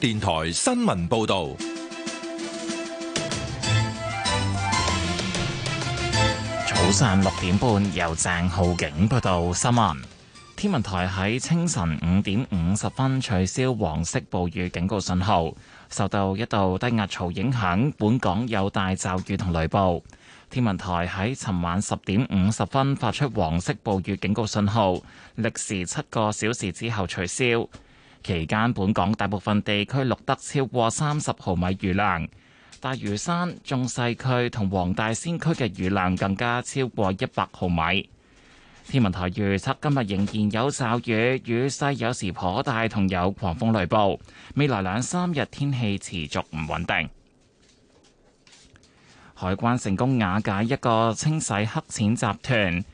電台新聞報道，早上六點半由鄭浩景報道新聞。天文台喺清晨五點五十分取消黃色暴雨警告信號，受到一道低壓槽影響，本港有大驟雨同雷暴。天文台喺尋晚十點五十分發出黃色暴雨警告信號，歷時七個小時之後取消。期間，本港大部分地區錄得超過三十毫米雨量，大嶼山、中西區同黃大仙區嘅雨量更加超過一百毫米。天文台預測今日仍然有驟雨，雨勢有時頗大，同有狂風雷暴。未來兩三日天氣持續唔穩定。海關成功瓦解一個清洗黑錢集團。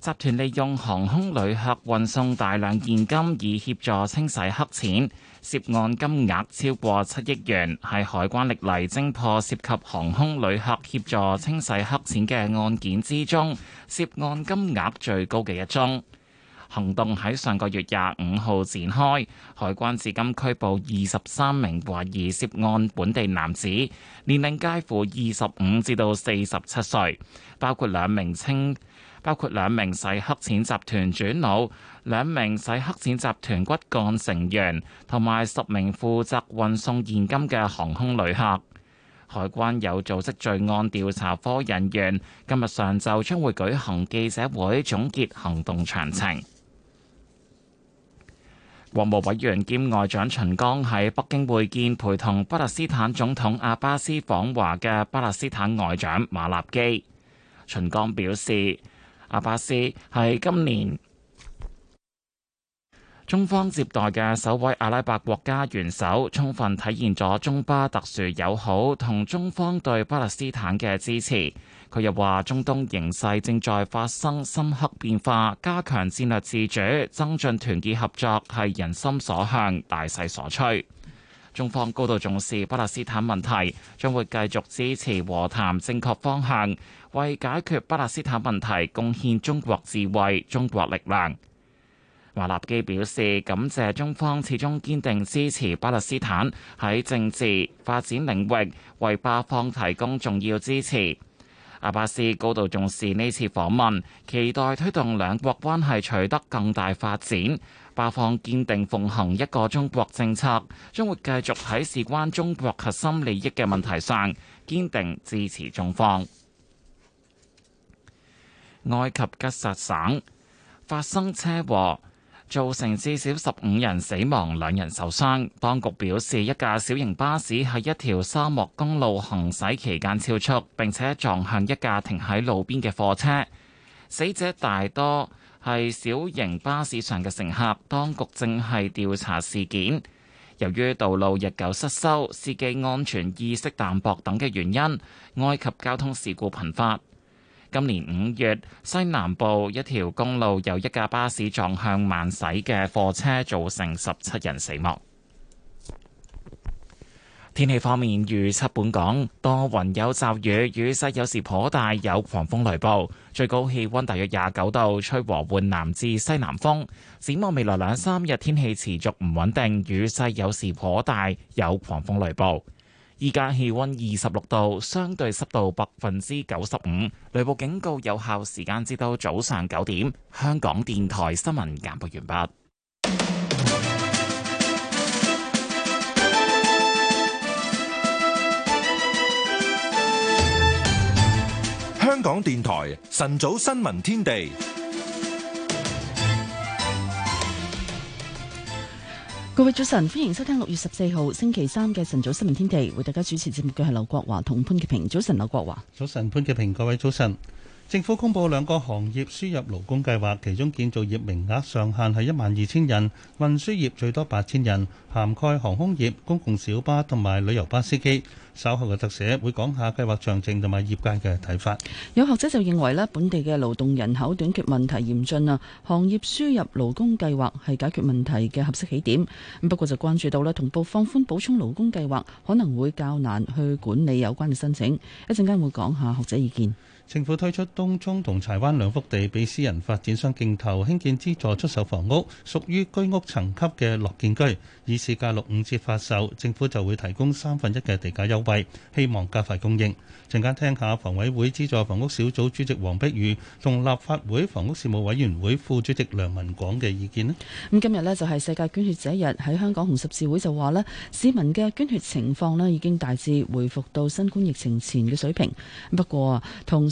集團利用航空旅客運送大量現金以協助清洗黑錢，涉案金額超過七億元，係海關歷嚟偵破涉及航空旅客協助清洗黑錢嘅案件之中涉案金額最高嘅一宗。行動喺上個月廿五號展開，海關至今拘捕二十三名懷疑涉案本地男子，年齡介乎二十五至到四十七歲，包括兩名清。包括兩名洗黑錢集團主腦、兩名洗黑錢集團骨幹成員，同埋十名負責運送現金嘅航空旅客。海關有組織罪案調查科人員今日上晝將會舉行記者會總結行動詳情。國務委員兼外長秦剛喺北京會見陪同巴勒斯坦總統阿巴斯訪華嘅巴勒斯坦外長馬立基。秦剛表示。阿巴斯係今年中方接待嘅首位阿拉伯國家元首，充分體現咗中巴特殊友好同中方對巴勒斯坦嘅支持。佢又話中東形勢正在發生深刻變化，加強戰略自主、增進團結合作係人心所向、大勢所趨，中方高度重視巴勒斯坦問題，將會繼續支持和談正確方向。為解決巴勒斯坦問題，貢獻中國智慧、中國力量。華立基表示感謝中方始終堅定支持巴勒斯坦喺政治發展領域，為巴方提供重要支持。阿巴斯高度重視呢次訪問，期待推動兩國關係取得更大發展。巴方堅定奉行一個中國政策，將會繼續喺事關中國核心利益嘅問題上堅定支持中方。埃及吉薩省發生車禍，造成至少十五人死亡，兩人受傷。當局表示，一架小型巴士喺一條沙漠公路行駛期間超速，並且撞向一架停喺路邊嘅貨車。死者大多係小型巴士上嘅乘客。當局正係調查事件。由於道路日久失修，司機安全意識淡薄等嘅原因，埃及交通事故頻發。今年五月，西南部一條公路由一架巴士撞向慢駛嘅貨車，造成十七人死亡。天氣方面預測，本港多雲有驟雨，雨勢有時頗大，有狂風雷暴。最高氣溫大約廿九度，吹和緩南至西南風。展望未來兩三日，天氣持續唔穩定，雨勢有時頗大，有狂風雷暴。依家氣温二十六度，相對濕度百分之九十五。雷暴警告有效時間至到早上九點。香港電台新聞簡報完畢。香港電台晨早新聞天地。各位早晨，歡迎收聽六月十四號星期三嘅晨早新聞天地，為大家主持節目嘅係劉國華同潘潔平。早晨，劉國華。早晨，潘潔平。各位早晨。政府公布兩個行業輸入勞工計劃，其中建造業名額上限係一萬二千人，運輸業最多八千人，涵蓋航空業、公共小巴同埋旅遊巴司機。稍後嘅特寫會講下計劃詳情同埋業界嘅睇法。有學者就認為咧，本地嘅勞動人口短缺問題嚴峻啊，行業輸入勞工計劃係解決問題嘅合適起點，不過就關注到咧，同步放寬補充勞工計劃可能會較難去管理有關嘅申請。一陣間會講下學者意見。政府推出東涌同柴灣兩幅地俾私人發展商競投興建資助出售房屋，屬於居屋層級嘅樂建居，以市價六五折發售，政府就會提供三分一嘅地價優惠，希望加快供應。陣間聽下房委會資助房屋小組主席黃碧如同立法會房屋事務委員會副主席梁文廣嘅意見呢。咁今日呢就係世界捐血者日，喺香港紅十字會就話呢，市民嘅捐血情況呢已經大致回復到新冠疫情前嘅水平。不過同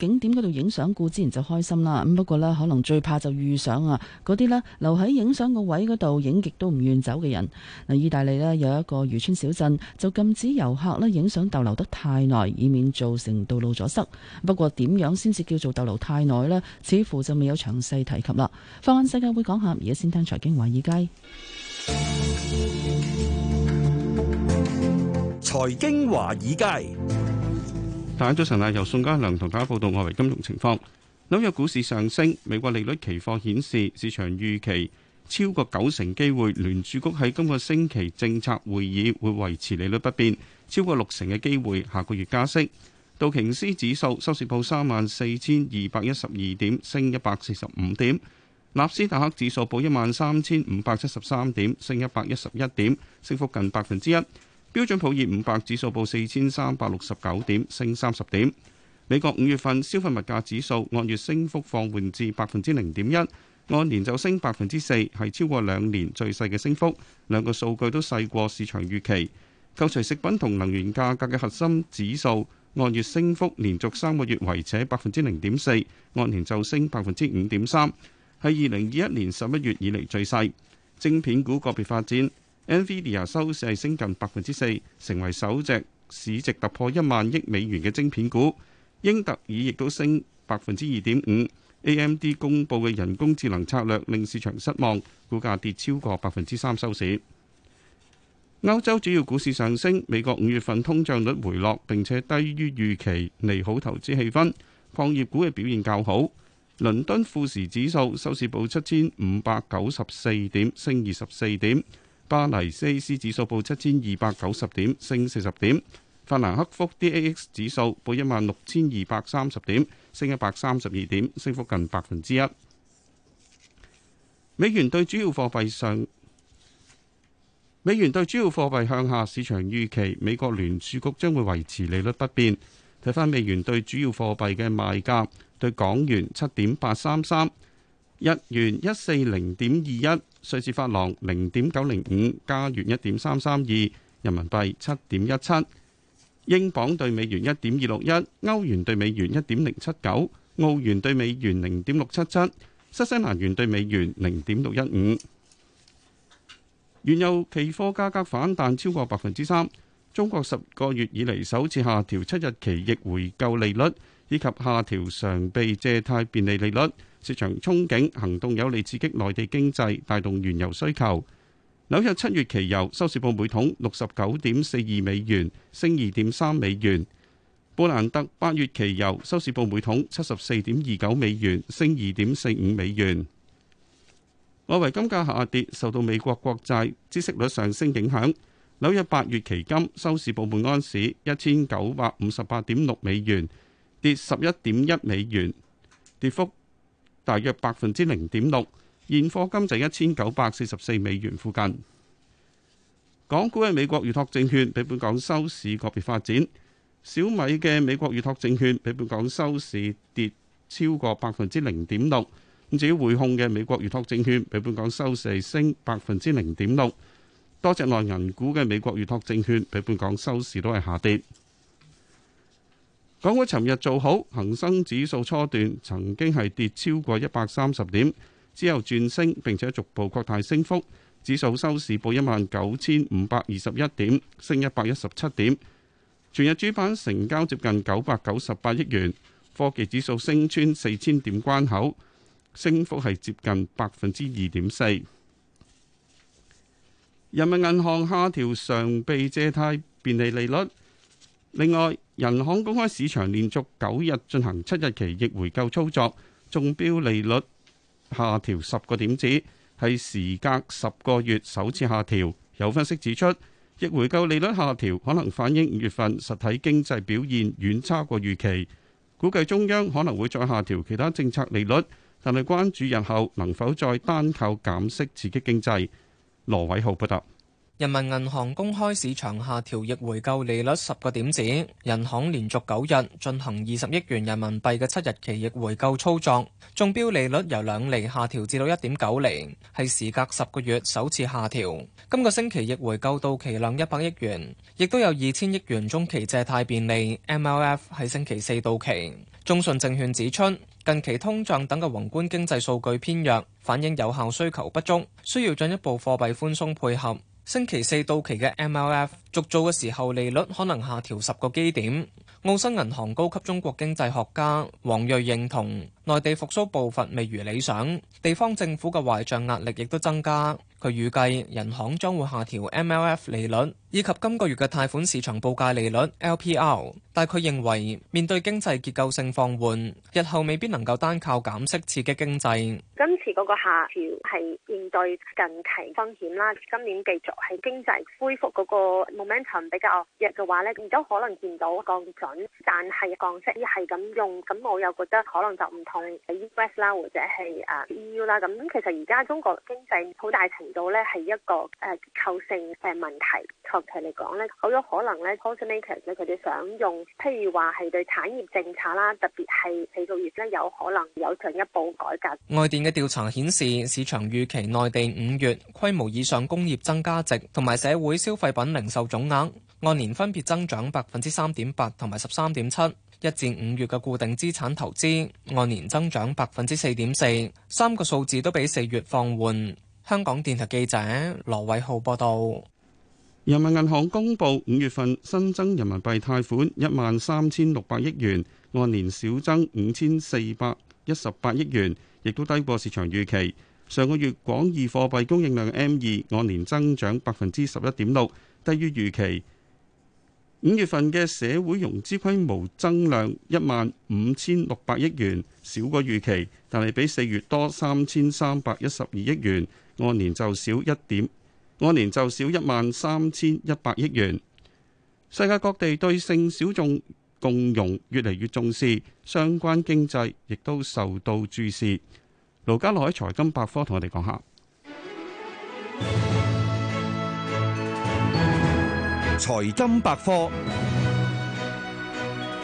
景點嗰度影相固然就開心啦，咁不過呢，可能最怕就遇上啊，嗰啲呢，留喺影相個位嗰度影極都唔願走嘅人。嗱，意大利呢有一個漁村小鎮就禁止遊客呢影相逗留得太耐，以免造成道路阻塞。不過點樣先至叫做逗留太耐呢？似乎就未有詳細提及啦。放眼世界會講下，而家先聽財經華爾街。財經華爾街。大早晨啊！由宋家良同大家報道外圍金融情況。紐約股市上升，美國利率期貨顯示市場預期超過九成機會聯儲局喺今個星期政策會議會維持利率不變，超過六成嘅機會下個月加息。道瓊斯指數收市報三萬四千二百一十二點，升一百四十五點。納斯達克指數報一萬三千五百七十三點，升一百一十一點，升幅近百分之一。標準普爾五百指數報四千三百六十九點，升三十點。美國五月份消費物價指數按月升幅放緩至百分之零點一，按年就升百分之四，係超過兩年最細嘅升幅。兩個數據都細過市場預期。扣除食品同能源價格嘅核心指數按月升幅連續三個月維持百分之零點四，按年就升百分之五點三，係二零二一年十一月以嚟最細。晶片股個別發展。Nvidia 收市係升近百分之四，成為首隻市值突破一萬億美元嘅晶片股。英特爾亦都升百分之二點五。AMD 公布嘅人工智能策略令市場失望，股價跌超過百分之三收市。歐洲主要股市上升，美國五月份通脹率回落，並且低於預期，利好投資氣氛，礦業股嘅表現較好。倫敦富時指數收市報七千五百九十四點，升二十四點。巴黎 CAC 指數報七千二百九十點，升四十點。法蘭克福 DAX 指數報一萬六千二百三十點，升一百三十二點，升幅近百分之一。美元對主要貨幣上，美元對主要貨幣向下，市場預期美國聯儲局將會維持利率不變。睇翻美元對主要貨幣嘅賣價，對港元七點八三三，日元一四零點二一。瑞士法郎零點九零五，加元一點三三二，人民幣七點一七，英鎊兌美元一點二六一，歐元兌美元一點零七九，澳元兌美元零點六七七，新西蘭元兌美元零點六一五。原油期貨價格反彈超過百分之三。中國十個月以嚟首次下調七日期逆回購利率，以及下調常備借貸便利利率。市場憧憬行動，有利刺激內地經濟，帶動原油需求。紐約七月期油收市報每桶六十九點四二美元，升二點三美元。布蘭特八月期油收市報每桶七十四點二九美元，升二點四五美元。外圍金價下跌，受到美國國債孳息率上升影響。紐約八月期金收市報每安士一千九百五十八點六美元，跌十一點一美元，跌幅。大約百分之零點六，現貨金就一千九百四十四美元附近。港股嘅美國預託證券比本港收市個別發展，小米嘅美國預託證券比本港收市跌超過百分之零點六，咁至於匯控嘅美國預託證券比本港收市升百分之零點六，多隻內銀股嘅美國預託證券比本港收市都係下跌。港股尋日做好，恒生指數初段曾經係跌超過一百三十點，之後轉升，並且逐步擴大升幅。指數收市報一萬九千五百二十一點，升一百一十七點。全日主板成交接近九百九十八億元。科技指數升穿四千點關口，升幅係接近百分之二點四。人民銀行下調常備借貸便利利率。另外，人行公開市場連續九日進行七日期逆回購操作，中標利率下調十個點子，係時隔十個月首次下調。有分析指出，逆回購利率下調可能反映五月份實體經濟表現遠差過預期，估計中央可能會再下調其他政策利率，但係關注日後能否再單靠減息刺激經濟。羅偉浩報道。人民銀行公開市場下調逆回購利率十個點子，人行連續九日進行二十億元人民幣嘅七日期逆回購操作，中標利率由兩厘下調至到一點九厘，係時隔十個月首次下調。今個星期逆回購到期量一百億元，亦都有二千億元中期借貸便利 （MLF） 喺星期四到期。中信證券指出，近期通脹等嘅宏觀經濟數據偏弱，反映有效需求不足，需要進一步貨幣寬鬆配合。星期四到期嘅 MLF 續做嘅時候，利率可能下調十個基點。澳新銀行高級中國經濟學家黃睿認同，內地復蘇步伐未如理想，地方政府嘅壞賬壓力亦都增加。佢預計人行將會下調 MLF 利率。以及今個月嘅貸款市場報價利率 （LPR），但佢認為面對經濟結構性放緩，日後未必能夠單靠減息刺激經濟。今次嗰個下調係應對近期風險啦，今年繼續係經濟恢復嗰個 momentum 比較弱嘅話呢，亦都可能見到降準，但係降息係咁用，咁我又覺得可能就唔同喺 US 啦，或者係誒 EU 啦。咁其實而家中國經濟好大程度咧係一個誒結、呃、構性嘅問題。其嚟講咧，好有可能咧，consumers 咧，佢哋想用，譬如話係對產業政策啦，特別係嚟到月咧，有可能有進一步改革。外電嘅調查顯示，市場預期內地五月規模以上工業增加值同埋社會消費品零售總額，按年分別增長百分之三點八同埋十三點七。一至五月嘅固定資產投資按年增長百分之四點四，三個數字都比四月放緩。香港電台記者羅偉浩報道。人民銀行公布五月份新增人民幣貸款一萬三千六百億元，按年少增五千四百一十八億元，亦都低過市場預期。上個月廣義貨幣供應量 M 二按年增長百分之十一點六，低於預期。五月份嘅社會融資規模增量一萬五千六百億元，少過預期，但係比四月多三千三百一十二億元，按年就少一點。按年就少一萬三千一百億元。世界各地對性小眾共融越嚟越重視，相關經濟亦都受到注視。盧家樂喺《財金百科》同我哋講下財金百科。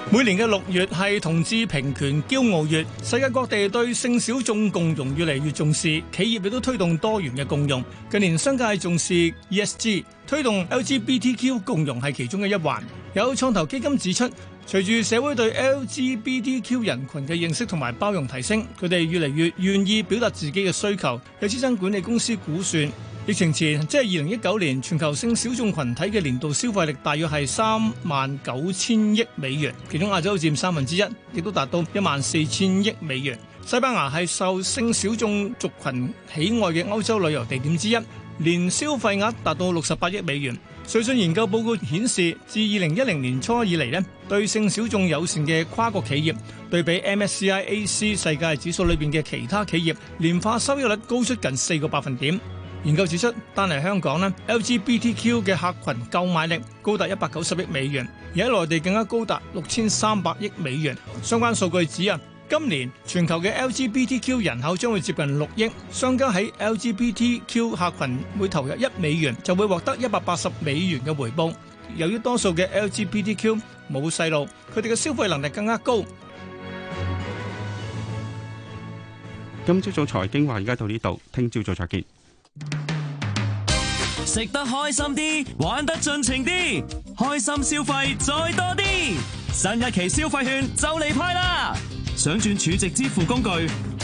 每年嘅六月係同志平權驕傲月，世界各地對性小眾共融越嚟越重視，企業亦都推動多元嘅共融。近年商界重視 ESG，推動 LGBTQ 共融係其中嘅一環。有創投基金指出，隨住社會對 LGBTQ 人群嘅認識同埋包容提升，佢哋越嚟越願意表達自己嘅需求。有資深管理公司估算。疫情前即係二零一九年，全球性小眾群體嘅年度消費力大約係三萬九千億美元，其中亞洲佔三分之一，亦都達到一萬四千億美元。西班牙係受性小眾族群喜愛嘅歐洲旅遊地點之一，年消費額達到六十八億美元。瑞信研究報告顯示，自二零一零年初以嚟呢，對性小眾友善嘅跨國企業，對比 MSCIAC 世界指數裏邊嘅其他企業，年化收益率高出近四個百分點。研究指出，單嚟香港呢，LGBTQ 嘅客群購買力高達一百九十億美元，而喺內地更加高達六千三百億美元。相關數據指啊，今年全球嘅 LGBTQ 人口將會接近六億，商家喺 LGBTQ 客群每投入一美元，就會獲得一百八十美元嘅回報。由於多數嘅 LGBTQ 冇細路，佢哋嘅消費能力更加高。今朝早財經話，而家到呢度，聽朝早再見。食得開心啲，玩得盡情啲，開心消費再多啲，新一期消費券就嚟派啦！想轉儲值支付工具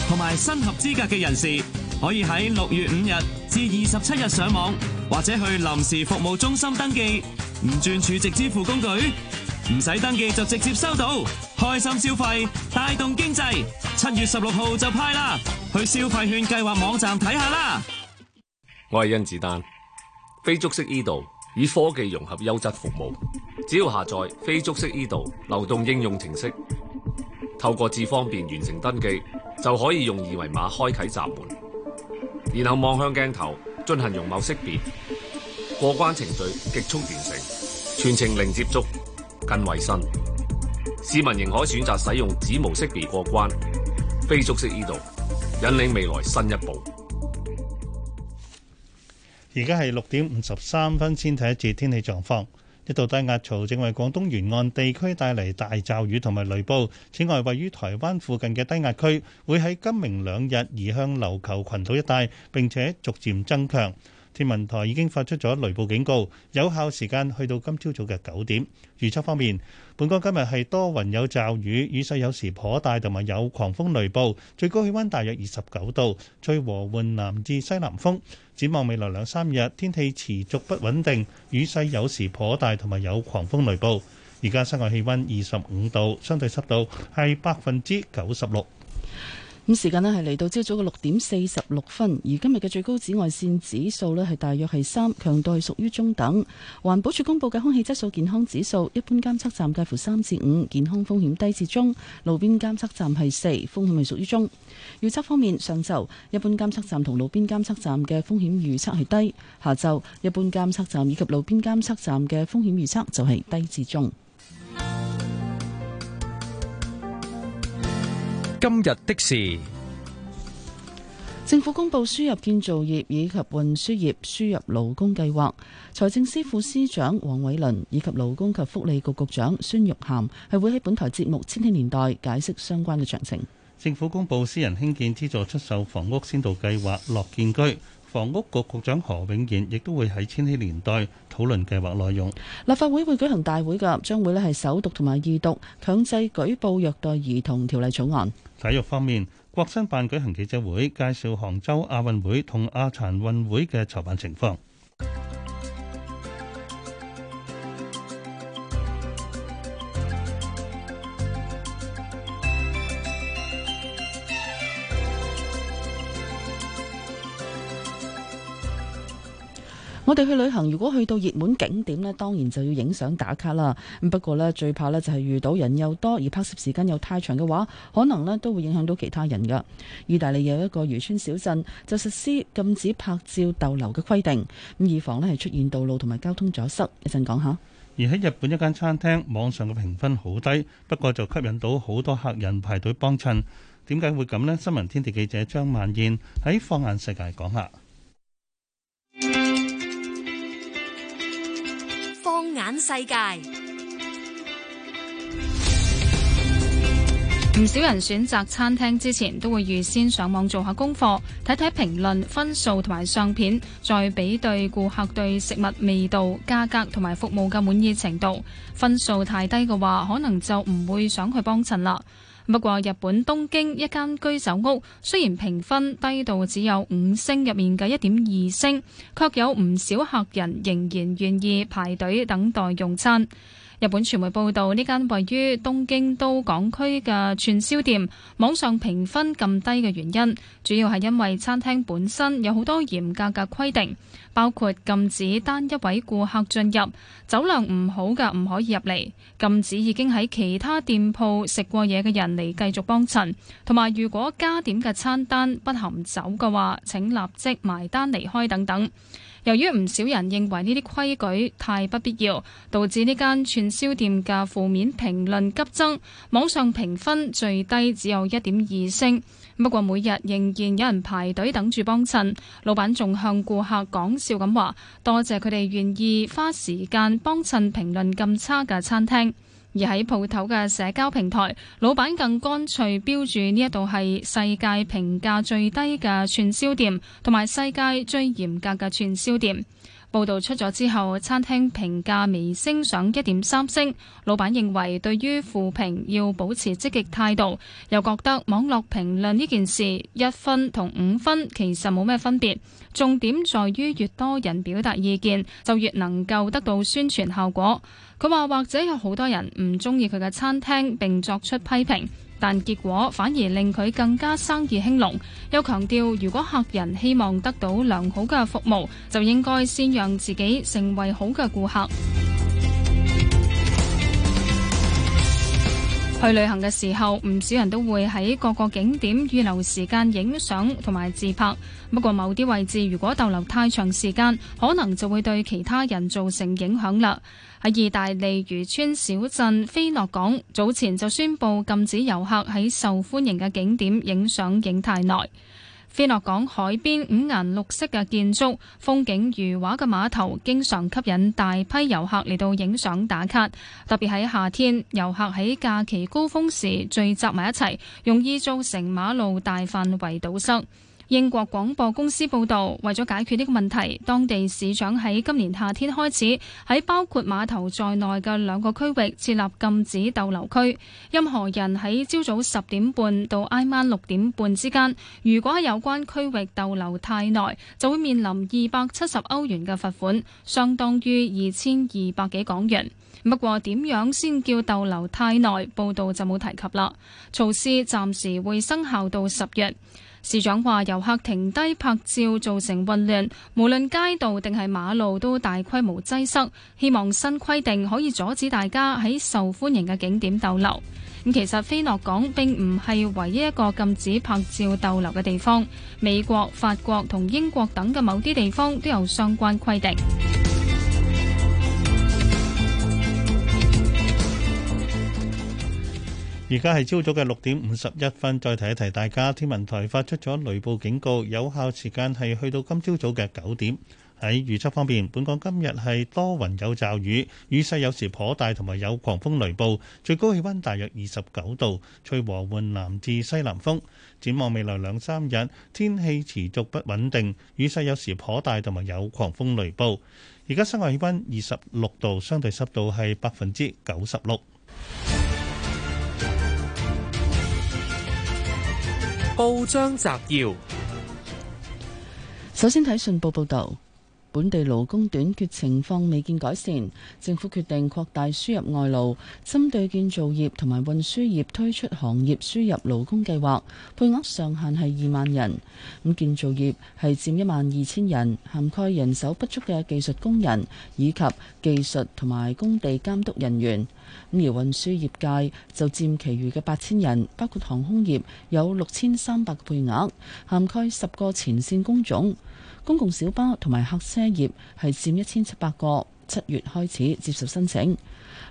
同埋新合資格嘅人士，可以喺六月五日至二十七日上網或者去臨時服務中心登記，唔轉儲值支付工具，唔使登記就直接收到。開心消費帶動經濟，七月十六號就派啦！去消費券計劃網站睇下啦。我係甄子丹，非觸式 e 道以科技融合優質服務。只要下載非觸式 e 道流動應用程式，透過智方便完成登記，就可以用二維碼開啟閘門，然後望向鏡頭進行容貌識別，過關程序極速完成，全程零接觸、更衛生。市民仍可選擇使用指模識別過關。非觸式 e 道引領未來新一步。而家係六點五十三分，先睇一節天氣狀況。一度低壓槽正為廣東沿岸地區帶嚟大降雨同埋雷暴。此外，位於台灣附近嘅低壓區會喺今明兩日移向琉球群島一帶，並且逐漸增強。天文台已經發出咗雷暴警告，有效時間去到今朝早嘅九點。預測方面，本港今日係多雲有驟雨，雨勢有時頗大，同埋有狂風雷暴。最高氣温大約二十九度，吹和緩南至西南風。展望未來兩三日，天氣持續不穩定，雨勢有時頗大，同埋有狂風雷暴。而家室外氣温二十五度，相對濕度係百分之九十六。咁時間呢係嚟到朝早嘅六點四十六分，而今日嘅最高紫外線指數呢係大約係三，強度係屬於中等。環保署公布嘅空氣質素健康指數，一般監測站介乎三至五，健康風險低至中；路邊監測站係四，風險係屬於中。預測方面，上晝一般監測站同路邊監測站嘅風險預測係低，下晝一般監測站以及路邊監測站嘅風險預測就係低至中。 今日的事，政府公布輸入建造業以及運輸業輸入勞工計劃。財政司副司長黃偉綸、以及勞工及福利局局長孫玉菡係會喺本台節目《千禧年代》解釋相關嘅詳情。政府公布私人興建資助出售房屋先導計劃樂建居。房屋局局長何永賢亦都會喺千禧年代討論計劃內容。立法會會舉行大會嘅，將會咧係首讀同埋二讀《強制舉報虐待兒童條例》草案。體育方面，國新辦舉行記者會，介紹杭州亞運會同亞殘運會嘅籌辦情況。我哋去旅行，如果去到熱門景點呢，當然就要影相打卡啦。咁不過呢，最怕呢就係遇到人又多，而拍攝時間又太長嘅話，可能呢都會影響到其他人噶。意大利有一個漁村小鎮就實施禁止拍照逗留嘅規定，咁以防呢係出現道路同埋交通阻塞。一陣講下。而喺日本一間餐廳網上嘅評分好低，不過就吸引到好多客人排隊幫襯，點解會咁呢？新聞天地記者張曼燕喺放眼世界講下。眼世界，唔少人選擇餐廳之前都會預先上網做下功課，睇睇評論、分數同埋相片，再比對顧客對食物味道、價格同埋服務嘅滿意程度。分數太低嘅話，可能就唔會想去幫襯啦。不過，日本東京一間居酒屋雖然評分低到只有五星入面嘅一點二星，卻有唔少客人仍然願意排隊等待用餐。日本傳媒報道，呢間位於東京都港區嘅串燒店網上評分咁低嘅原因，主要係因為餐廳本身有好多嚴格嘅規定，包括禁止單一位顧客進入，酒量唔好嘅唔可以入嚟，禁止已經喺其他店鋪食過嘢嘅人嚟繼續幫襯，同埋如果加點嘅餐單不含酒嘅話，請立即埋單離開等等。由於唔少人認為呢啲規矩太不必要，導致呢間串燒店嘅負面評論急增，網上評分最低只有一點二星。不過每日仍然有人排隊等住幫襯，老闆仲向顧客講笑咁話：多謝佢哋願意花時間幫襯評論咁差嘅餐廳。而喺鋪頭嘅社交平台，老闆更乾脆標註呢一度係世界評價最低嘅串燒店，同埋世界最嚴格嘅串燒店。報道出咗之後，餐廳評價微升上一點三星。老闆認為對於負評要保持積極態度，又覺得網絡評論呢件事一分同五分其實冇咩分別，重點在於越多人表達意見就越能夠得到宣傳效果。佢話或者有好多人唔中意佢嘅餐廳，並作出批評。但結果反而令佢更加生意興隆，又強調，如果客人希望得到良好嘅服務，就應該先讓自己成為好嘅顧客。去旅行嘅時候，唔少人都會喺各個景點預留時間影相同埋自拍。不過，某啲位置如果逗留太長時間，可能就會對其他人造成影響啦。喺意大利漁村小鎮菲諾港，早前就宣布禁止遊客喺受歡迎嘅景點影相影太耐。菲諾港海邊五顏六色嘅建築、風景如畫嘅碼頭，經常吸引大批遊客嚟到影相打卡。特別喺夏天，遊客喺假期高峰時聚集埋一齊，容易造成馬路大範圍堵塞。英國廣播公司報導，為咗解決呢個問題，當地市長喺今年夏天開始喺包括碼頭在內嘅兩個區域設立禁止逗留區。任何人喺朝早十點半到挨晚六點半之間，如果喺有關區域逗留太耐，就會面臨二百七十歐元嘅罰款，相當於二千二百幾港元。不過點樣先叫逗留太耐，報導就冇提及啦。措施暫時會生效到十月。市長話：遊客停低拍照造成混亂，無論街道定係馬路都大規模擠塞。希望新規定可以阻止大家喺受歡迎嘅景點逗留。咁其實菲諾港並唔係唯一一個禁止拍照逗留嘅地方，美國、法國同英國等嘅某啲地方都有相關規定。而家係朝早嘅六點五十一分，再提一提大家，天文台發出咗雷暴警告，有效時間係去到今朝早嘅九點。喺預測方面，本港今日係多雲有驟雨，雨勢有時頗大，同埋有狂風雷暴，最高氣溫大約二十九度，吹和緩南至西南風。展望未來兩三日，天氣持續不穩定，雨勢有時頗大，同埋有狂風雷暴。而家室外氣溫二十六度，相對濕度係百分之九十六。報章摘要，首先睇信報報道。本地勞工短缺情況未見改善，政府決定擴大輸入外勞，針對建造業同埋運輸業推出行業輸入勞工計劃，配額上限係二萬人。咁建造業係佔一萬二千人，涵蓋人手不足嘅技術工人以及技術同埋工地監督人員。咁而運輸業界就佔其餘嘅八千人，包括航空業有六千三百個配額，涵蓋十個前線工種。公共小巴同埋客車業係佔一千七百個，七月開始接受申請。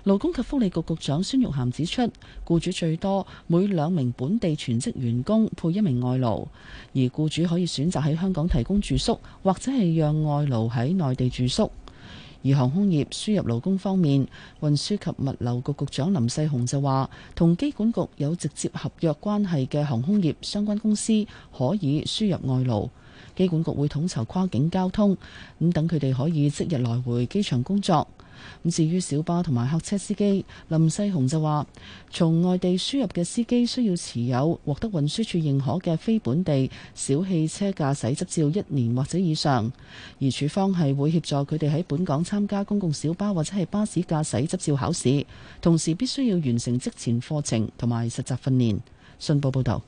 勞工及福利局局長孫玉菡指出，雇主最多每兩名本地全職員工配一名外勞，而雇主可以選擇喺香港提供住宿，或者係讓外勞喺內地住宿。而航空業輸入勞工方面，運輸及物流局局長林世雄就話，同機管局有直接合約關係嘅航空業相關公司可以輸入外勞。機管局會統籌跨境交通，咁等佢哋可以即日來回機場工作。咁至於小巴同埋客車司機，林世雄就話：從外地輸入嘅司機需要持有獲得運輸署認可嘅非本地小汽車駕駛執照一年或者以上。而署方係會協助佢哋喺本港參加公共小巴或者係巴士駕駛執照考試，同時必須要完成職前課程同埋實習訓練。信報報道。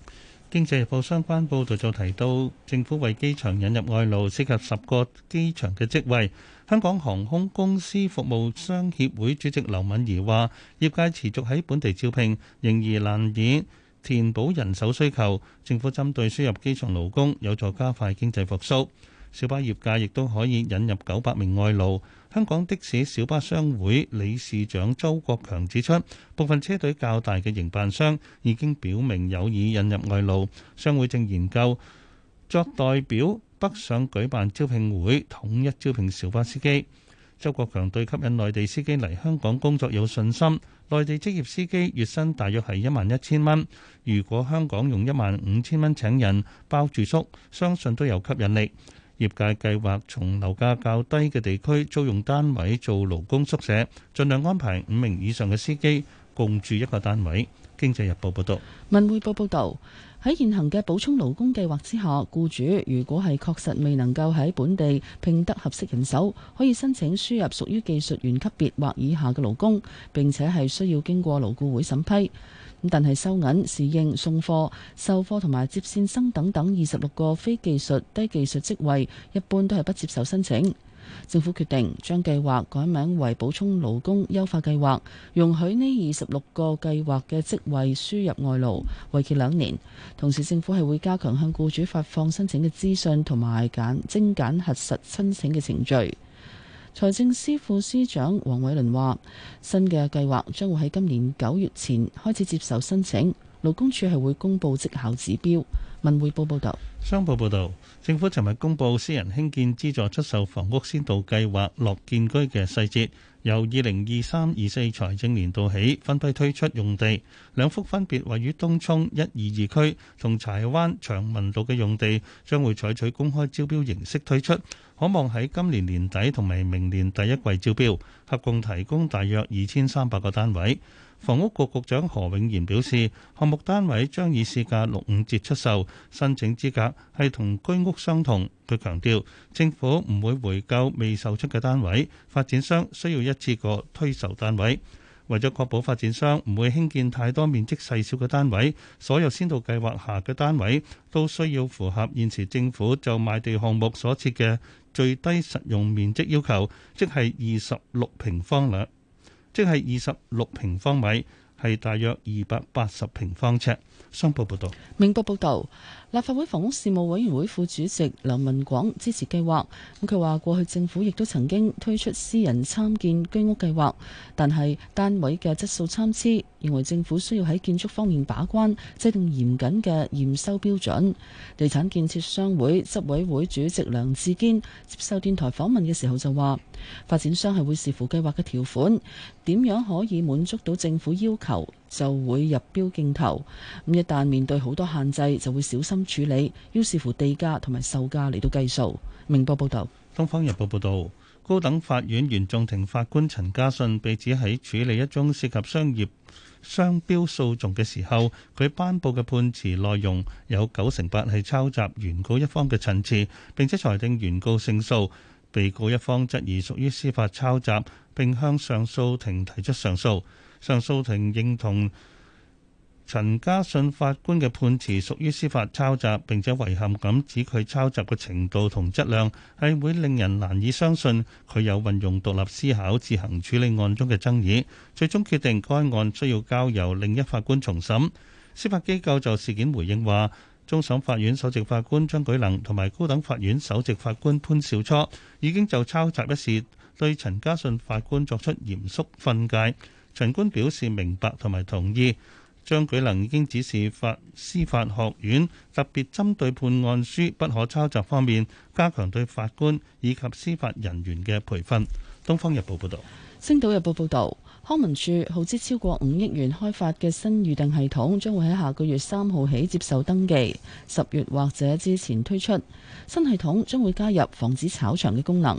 經濟日報相關報導就提到，政府為機場引入外勞，涉及十個機場嘅職位。香港航空公司服務商協會主席劉敏儀話，業界持續喺本地招聘，仍然難以填補人手需求。政府針對輸入機場勞工，有助加快經濟復甦。小巴業界亦都可以引入九百名外勞。香港的士小巴商會理事長周國強指出，部分車隊較大嘅營辦商已經表明有意引入外勞，商會正研究作代表北上舉辦招聘會，統一招聘小巴司機。周國強對吸引內地司機嚟香港工作有信心，內地職業司機月薪大約係一萬一千蚊，如果香港用一萬五千蚊請人包住宿，相信都有吸引力。業界計劃從樓價較低嘅地區租用單位做勞工宿舍，盡量安排五名以上嘅司機共住一個單位。經濟日報報道。文匯報報道，喺現行嘅補充勞工計劃之下，僱主如果係確實未能夠喺本地聘得合適人手，可以申請輸入屬於技術員級別或以下嘅勞工，並且係需要經過勞顧會審批。但係收銀、侍應、送貨、售貨同埋接線生等等二十六個非技術低技術職位，一般都係不接受申請。政府決定將計劃改名為補充勞工優化計劃，容許呢二十六個計劃嘅職位輸入外勞，為期兩年。同時，政府係會加強向僱主發放申請嘅資訊，同埋揀精簡核實申請嘅程序。財政司副司長黃偉綸話：新嘅計劃將會喺今年九月前開始接受申請，勞工處係會公布績效指標。文匯報報道，商報報道，政府尋日公布私人興建資助出售房屋先導計劃落建居嘅細節。由二零二三、二四財政年度起，分批推出用地，兩幅分別位於東涌一二二區同柴灣長文道嘅用地，將會採取公開招標形式推出，可望喺今年年底同埋明年第一季招標，合共提供大約二千三百個單位。房屋局局長何永賢表示，項目單位將以市價六五折出售，申請資格係同居屋相同。佢強調，政府唔會回購未售出嘅單位，發展商需要一次過推售單位。為咗確保發展商唔會興建太多面積細小嘅單位，所有先導計劃下嘅單位都需要符合現時政府就賣地項目所設嘅最低實用面積要求，即係二十六平方米。即係二十六平方米，係大約二百八十平方尺。商報報道，明報報道。立法會房屋事務委員會副主席梁文廣支持計劃。咁佢話：過去政府亦都曾經推出私人參建居屋計劃，但係單位嘅質素參差，認為政府需要喺建築方面把關，制定嚴謹嘅驗收標準。地產建設商會執委會主席梁志堅接受電台訪問嘅時候就話：發展商係會視乎計劃嘅條款，點樣可以滿足到政府要求就會入標競投。咁一旦面對好多限制，就會小心。處理要視乎地價同埋售價嚟到計數。明報報道，東方日報報道，高等法院原訟庭法官陳家信被指喺處理一宗涉及商業商標訴訟嘅時候，佢頒布嘅判詞內容有九成八係抄襲原告一方嘅陳詞，並且裁定原告勝訴。被告一方質疑屬於司法抄襲，並向上訴庭提出上訴。上訴庭認同。陳家信法官嘅判詞屬於司法抄襲，並且遺憾咁指佢抄襲嘅程度同質量係會令人難以相信佢有運用獨立思考自行處理案中嘅爭議，最終決定該案需要交由另一法官重審。司法機構就事件回應話，終審法院首席法官張舉能同埋高等法院首席法官潘兆初已經就抄襲一事對陳家信法官作出嚴肅訓誡，陳官表示明白同埋同意。張舉能已經指示法司法學院特別針對判案書不可抄襲方面，加強對法官以及司法人員嘅培訓。東方日報報道。星島日報報道，康文署耗資超過五億元開發嘅新預訂系統，將會喺下個月三號起接受登記，十月或者之前推出。新系統將會加入防止炒場嘅功能。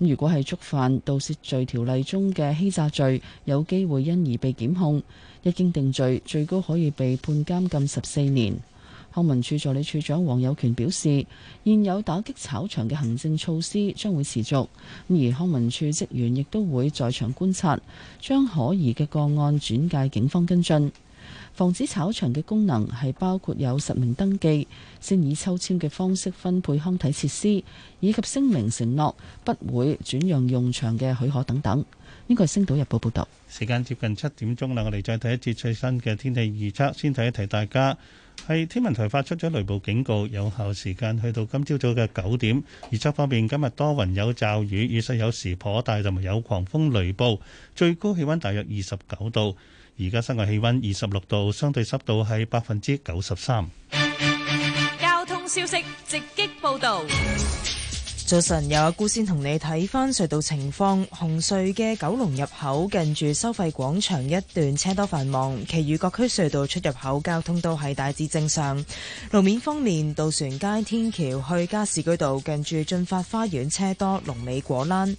咁如果係觸犯《盜竊罪條例》中嘅欺詐罪，有機會因而被檢控。一經定罪，最高可以被判監禁十四年。康文署助理署長黃有權表示，現有打擊炒場嘅行政措施將會持續，而康文署職員亦都會在場觀察，將可疑嘅個案轉介警方跟進，防止炒場嘅功能係包括有實名登記，先以抽籤嘅方式分配康體設施，以及聲明承諾不會轉讓用場嘅許可等等。呢個係《星島日報》報道。時間接近七點鐘啦，我哋再睇一節最新嘅天氣預測，先提一提大家。係天文台發出咗雷暴警告，有效時間去到今朝早嘅九點。預測方面，今日多雲有驟雨，雨勢有時頗大，同埋有狂風雷暴。最高氣溫大約二十九度，而家室外氣溫二十六度，相對濕度係百分之九十三。交通消息直擊報道。早晨，有阿姑先同你睇翻隧道情況。紅隧嘅九龍入口近住收費廣場一段車多繁忙，其餘各區隧道出入口交通都係大致正常。路面方面，渡船街天橋去加士居道近住駿發花園車多，龍尾果欄。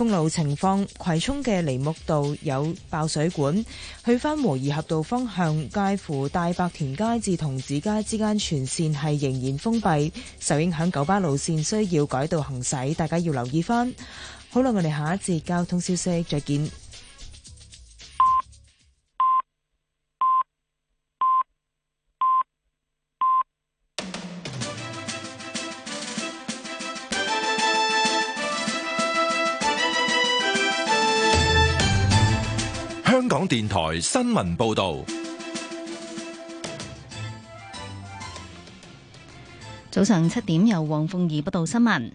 公路情況，葵涌嘅梨木道有爆水管，去返和宜合道方向介乎大白田街至童子街之間全線係仍然封閉，受影響九巴路線需要改道行駛，大家要留意翻。好啦，我哋下一節交通消息再見。香港電台新聞報道，早上七點，由黃鳳儀報道新聞。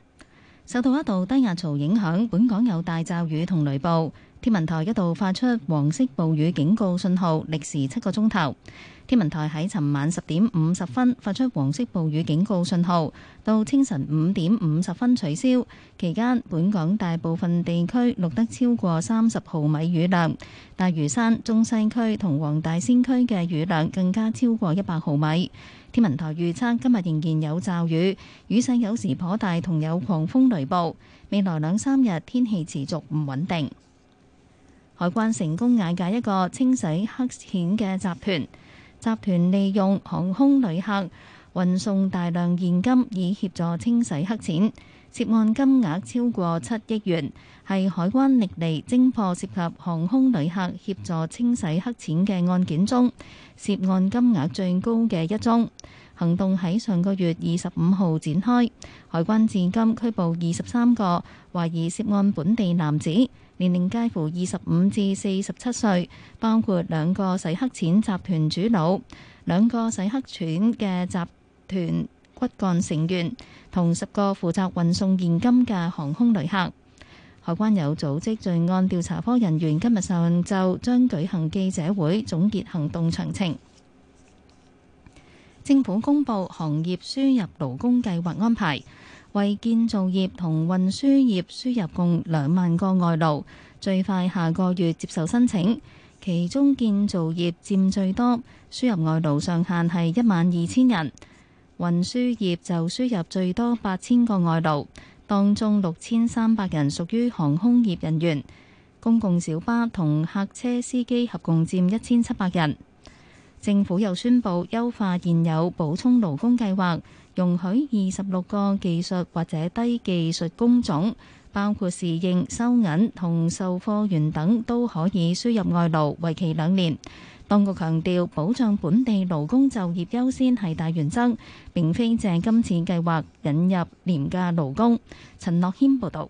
受到一度低壓槽影響，本港有大驟雨同雷暴。天文台一度發出黃色暴雨警告信號，歷時七個鐘頭。天文台喺尋晚十點五十分發出黃色暴雨警告信號，到清晨五點五十分取消。期間，本港大部分地區錄得超過三十毫米雨量，大嶼山、中西區同黃大仙區嘅雨量更加超過一百毫米。天文台預測今日仍然有驟雨，雨勢有時頗大，同有狂風雷暴。未來兩三日天氣持續唔穩定。海關成功瓦解一個清洗黑錢嘅集團，集團利用航空旅客運送大量現金以協助清洗黑錢，涉案金額超過七億元，係海關歷嚟偵破涉及航空旅客協助清洗黑錢嘅案件中涉案金額最高嘅一宗。行動喺上個月二十五號展開，海關至今拘捕二十三個懷疑涉案本地男子。年齡介乎二十五至四十七歲，包括兩個洗黑錢集團主腦、兩個洗黑錢嘅集團骨幹成員，同十個負責運送現金嘅航空旅客。海關有組織罪案調查科人員今日上晝將舉行記者會總結行動詳情。政府公布行業輸入勞工計劃安排。為建造業同運輸業輸入共兩萬個外勞，最快下個月接受申請。其中建造業佔最多，輸入外勞上限係一萬二千人。運輸業就輸入最多八千個外勞，當中六千三百人屬於航空業人員，公共小巴同客車司機合共佔一千七百人。政府又宣佈優化現有補充勞工計劃。容許二十六個技術或者低技術工種，包括侍應、收銀同售貨員等，都可以輸入外勞，為期兩年。當局強調，保障本地勞工就業優先係大原則，並非借今次計劃引入廉價勞工。陳樂謙報導。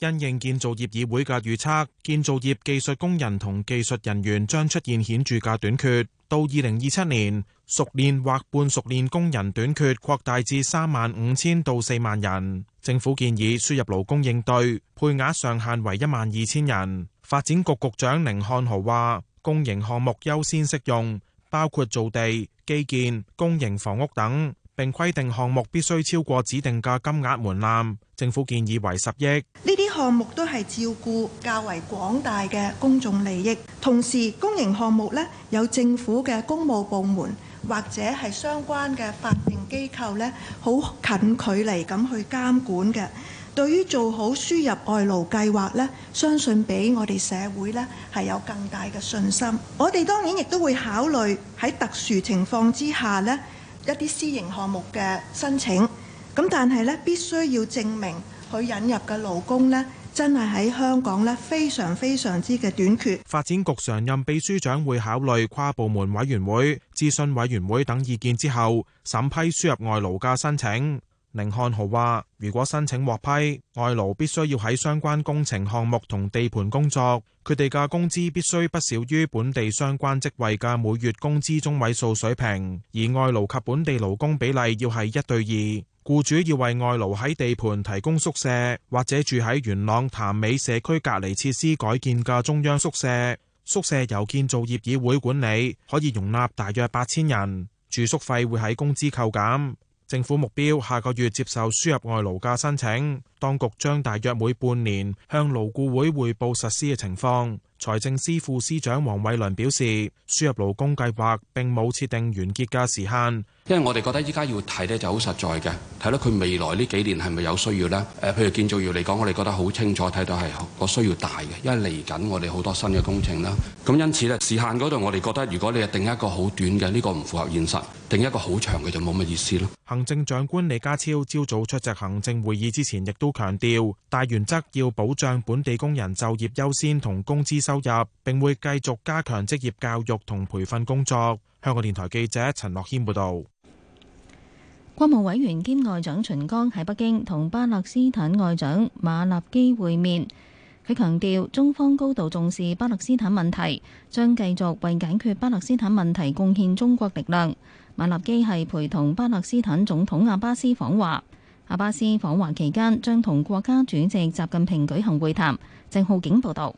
因應建造業議會嘅預測，建造業技術工人同技術人員將出現顯著嘅短缺，到二零二七年。熟練或半熟練工人短缺擴大至三萬五千到四萬人，政府建議輸入勞工應對，配額上限為一萬二千人。發展局局長寧漢豪話：公營項目優先適用，包括造地、基建、公營房屋等，並規定項目必須超過指定嘅金額門檻。政府建議為十億。呢啲項目都係照顧較為廣大嘅公眾利益，同時公營項目呢，有政府嘅公務部門，或者係相關嘅法定機構咧，好近距離咁去監管嘅。對於做好輸入外勞計劃咧，相信畀我哋社會咧係有更大嘅信心。我哋當然亦都會考慮喺特殊情況之下咧，一啲私營項目嘅申請。咁但係咧，必須要證明佢引入嘅勞工咧。真係喺香港呢非常非常之嘅短缺。發展局常任秘書長會考慮跨部門委員會、諮詢委員會等意見之後，審批輸入外勞嘅申請。寧漢豪話，如果申請獲批，外勞必須要喺相關工程項目同地盤工作，佢哋嘅工資必須不少於本地相關職位嘅每月工資中位數水平，而外勞及本地勞工比例要係一對二。僱主要為外勞喺地盤提供宿舍，或者住喺元朗潭尾社區隔離設施改建嘅中央宿舍。宿舍由建造業議會管理，可以容納大約八千人。住宿費會喺工資扣減。政府目標下個月接受輸入外勞嘅申請，當局將大約每半年向勞顧會匯報實施嘅情況。財政司副司長黃偉綸表示，輸入勞工計劃並冇設定完結嘅時限，因為我哋覺得依家要睇呢就好實在嘅，睇到佢未來呢幾年係咪有需要呢？誒，譬如建造業嚟講，我哋覺得好清楚，睇到係個需要大嘅，因為嚟緊我哋好多新嘅工程啦。咁因此咧，時限嗰度我哋覺得，如果你係定一個好短嘅，呢個唔符合現實；定一個好長嘅就冇乜意思咯。行政長官李家超朝早出席行政會議之前，亦都強調，大原則要保障本地工人就業優先同工資，收入，並會繼續加強職業教育同培訓工作。香港電台記者陳樂謙報道。國務委員兼外長秦剛喺北京同巴勒斯坦外長馬立基會面，佢強調中方高度重視巴勒斯坦問題，將繼續為解決巴勒斯坦問題貢獻中國力量。馬立基係陪同巴勒斯坦總統阿巴斯訪華，阿巴斯訪華期間將同國家主席習近平舉行會談。鄭浩景報道。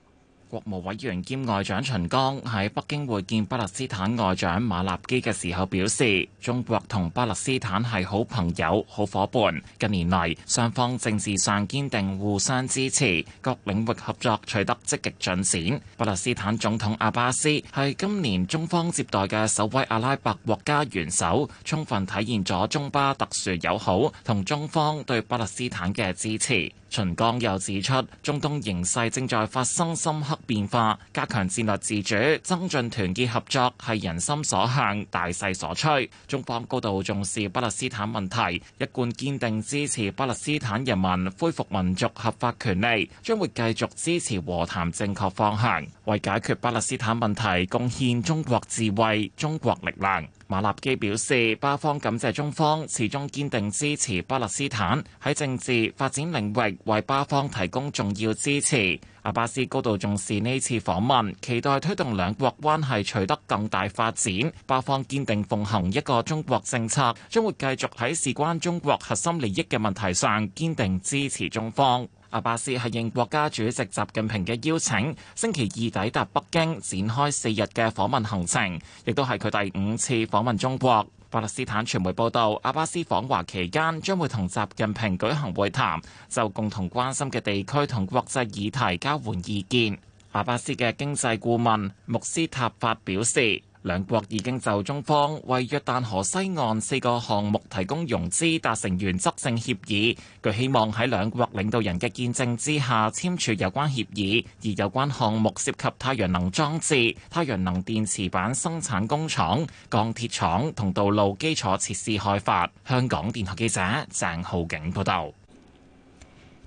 國務委員兼外長秦剛喺北京會見巴勒斯坦外長馬立基嘅時候表示，中國同巴勒斯坦係好朋友、好伙伴。近年嚟，雙方政治上堅定互相支持，各領域合作取得積極進展。巴勒斯坦總統阿巴斯係今年中方接待嘅首位阿拉伯國家元首，充分體現咗中巴特殊友好同中方對巴勒斯坦嘅支持。秦剛又指出，中東形勢正在發生深刻變化，加強戰略自主、增進團結合作係人心所向、大勢所趨。中方高度重視巴勒斯坦問題，一貫堅定支持巴勒斯坦人民恢復民族合法權利，將會繼續支持和談正確方向，為解決巴勒斯坦問題貢獻中國智慧、中國力量。馬立基表示，巴方感謝中方始終堅定支持巴勒斯坦，喺政治發展領域為巴方提供重要支持。阿巴斯高度重視呢次訪問，期待推動兩國關係取得更大發展。巴方堅定奉行一個中國政策，將會繼續喺事關中國核心利益嘅問題上堅定支持中方。阿巴斯係應國家主席習近平嘅邀請，星期二抵達北京，展開四日嘅訪問行程，亦都係佢第五次訪問中國。巴勒斯坦傳媒報道，阿巴斯訪華期間將會同習近平舉行會談，就共同關心嘅地區同國際議題交換意見。阿巴斯嘅經濟顧問穆斯塔法表示：兩國已經就中方為約旦河西岸四個項目提供融資達成原則性協議，佢希望喺兩國領導人嘅見證之下簽署有關協議。而有關項目涉及太陽能裝置、太陽能電池板生產工廠、鋼鐵廠同道路基礎設施開發。香港電台記者鄭浩景報道。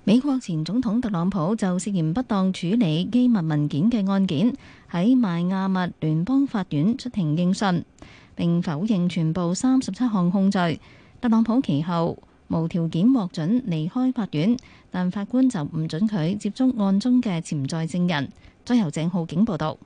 美國前總統特朗普就涉嫌不當處理機密文件嘅案件，喺邁亞密聯邦法院出庭應訊，並否認全部三十七項控罪。特朗普其後無條件獲准離開法院，但法官就唔准佢接觸案中嘅潛在證人。再由鄭浩景報道。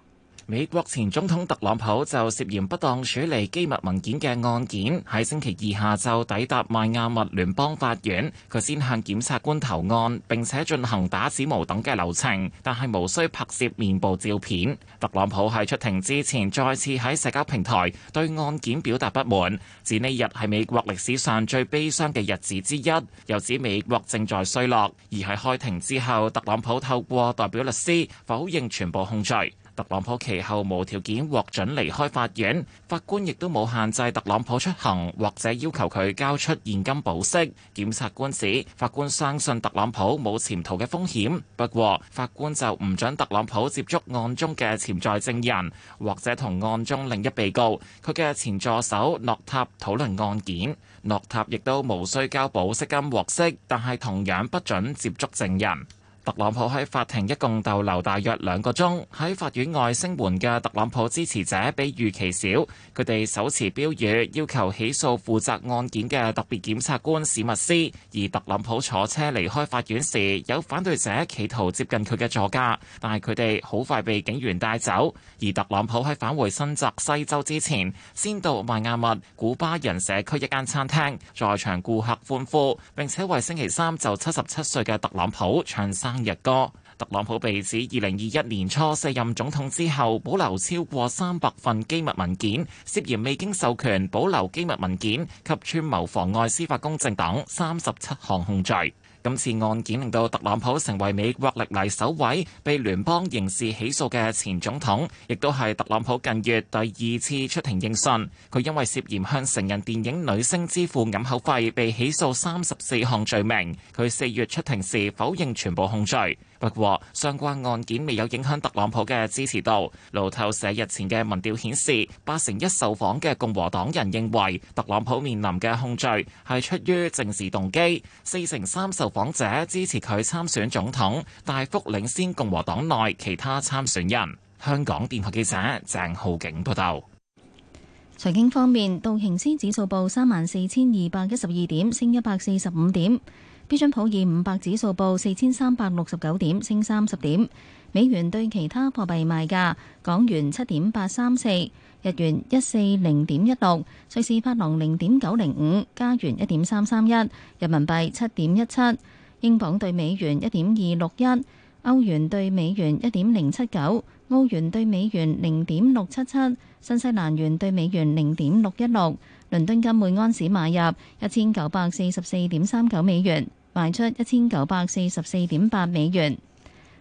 美國前總統特朗普就涉嫌不當處理機密文件嘅案件，喺星期二下晝抵達邁阿密聯邦法院。佢先向檢察官投案，並且進行打指模等嘅流程，但係無需拍攝面部照片。特朗普喺出庭之前，再次喺社交平台對案件表達不滿，指呢日係美國歷史上最悲傷嘅日子之一，又指美國正在衰落。而喺開庭之後，特朗普透過代表律師否認全部控罪。特朗普其後無條件獲准離開法院，法官亦都冇限制特朗普出行或者要求佢交出現金保釋。檢察官指法官相信特朗普冇潛逃嘅風險，不過法官就唔准特朗普接觸案中嘅潛在證人或者同案中另一被告佢嘅前助手諾塔討論案件。諾塔亦都無需交保釋金獲釋，但係同樣不准接觸證人。特朗普喺法庭一共逗留大約兩個鐘，喺法院外聲援嘅特朗普支持者比預期少，佢哋手持標語要求起訴負責案件嘅特別檢察官史密斯。而特朗普坐車離開法院時，有反對者企圖接近佢嘅座駕，但係佢哋好快被警員帶走。而特朗普喺返回新澤西州之前，先到邁阿密古巴人社區一間餐廳，在場顧客歡呼，並且為星期三就七十七歲嘅特朗普唱。生日歌。特朗普被指二零二一年初卸任總統之後，保留超過三百份機密文件，涉嫌未經授權保留機密文件及串謀妨礙司法公正等三十七項控罪。今次案件令到特朗普成為美國歷嚟首位被聯邦刑事起訴嘅前總統，亦都係特朗普近月第二次出庭應訊。佢因為涉嫌向成人電影女星支付掩口費，被起訴三十四項罪名。佢四月出庭時否認全部控罪。不過相關案件未有影響特朗普嘅支持度。路透社日前嘅民調顯示，八成一受訪嘅共和黨人認為特朗普面臨嘅控罪係出於政治動機，四成三受訪者支持佢參選總統，大幅領先共和黨內其他參選人。香港電台記者鄭浩景報道。財經方面，道瓊斯指數報三萬四千二百一十二點，升一百四十五點。標準普爾五百指數報四千三百六十九點，升三十點。美元對其他貨幣賣價：港元七點八三四，日元一四零點一六，瑞士法郎零點九零五，加元一點三三一，人民幣七點一七，英鎊對美元一點二六一，歐元對美元一點零七九，澳元對美元零點六七七，新西蘭元對美元零點六一六。倫敦金每安士買入一千九百四十四點三九美元。賣出一千九百四十四點八美元。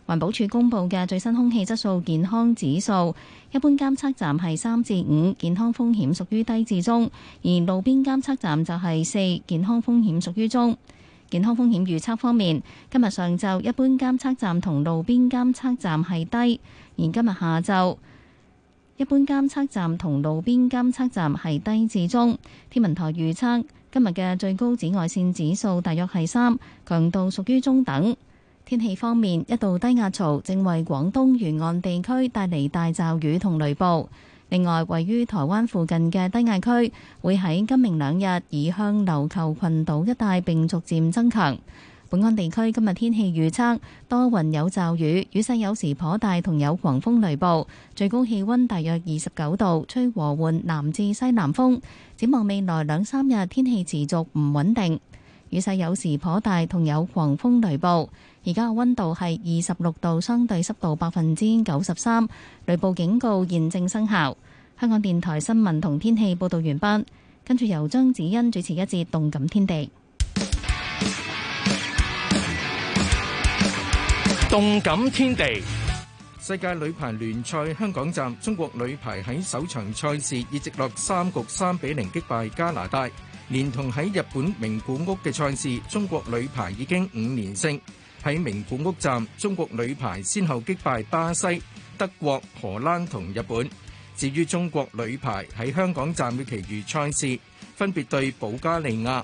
環保署公布嘅最新空氣質素健康指數，一般監測站係三至五，健康風險屬於低至中；而路邊監測站就係四，健康風險屬於中。健康風險預測方面，今日上晝一般監測站同路邊監測站係低；而今日下晝，一般監測站同路邊監測站係低至中。天文台預測。今日嘅最高紫外線指數大約係三，強度屬於中等。天氣方面，一道低壓槽正為廣東沿岸地區帶嚟大驟雨同雷暴。另外，位於台灣附近嘅低壓區會喺今明兩日移向琉球群島一帶並逐漸增強。本港地區今日天氣預測，多雲有驟雨，雨勢有時頗大，同有狂風雷暴。最高氣溫大約二十九度，吹和緩南至西南風。展望未來兩三日天氣持續唔穩定，雨勢有時頗大，同有狂風雷暴。而家嘅溫度係二十六度，相對濕度百分之九十三，雷暴警告現正生效。香港電台新聞同天氣報道完畢，跟住由張子欣主持一節動感天地。動感天地，世界女排聯賽香港站，中國女排喺首場賽事以直落三局三比零擊敗加拿大，連同喺日本名古屋嘅賽事，中國女排已經五連勝。喺名古屋站，中國女排先後擊敗巴西、德國、荷蘭同日本。至於中國女排喺香港站嘅其余賽事，分別對保加利亞。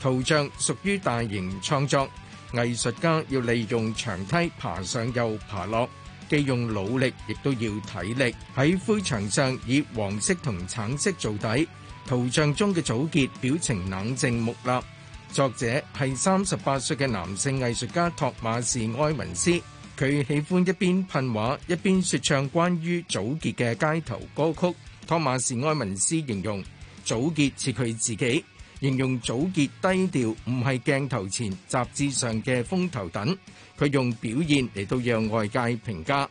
圖像屬於大型創作，藝術家要利用長梯爬上又爬落，既用腦力亦都要體力。喺灰牆上以黃色同橙色做底，圖像中嘅祖傑表情冷靜木訥。作者係三十八歲嘅男性藝術家托馬士埃文斯，佢喜歡一邊噴畫一邊説唱關於祖傑嘅街頭歌曲。托馬士埃文斯形容祖傑似佢自己。形容祖杰低調，唔係鏡頭前雜誌上嘅風頭等。佢用表現嚟到讓外界評價。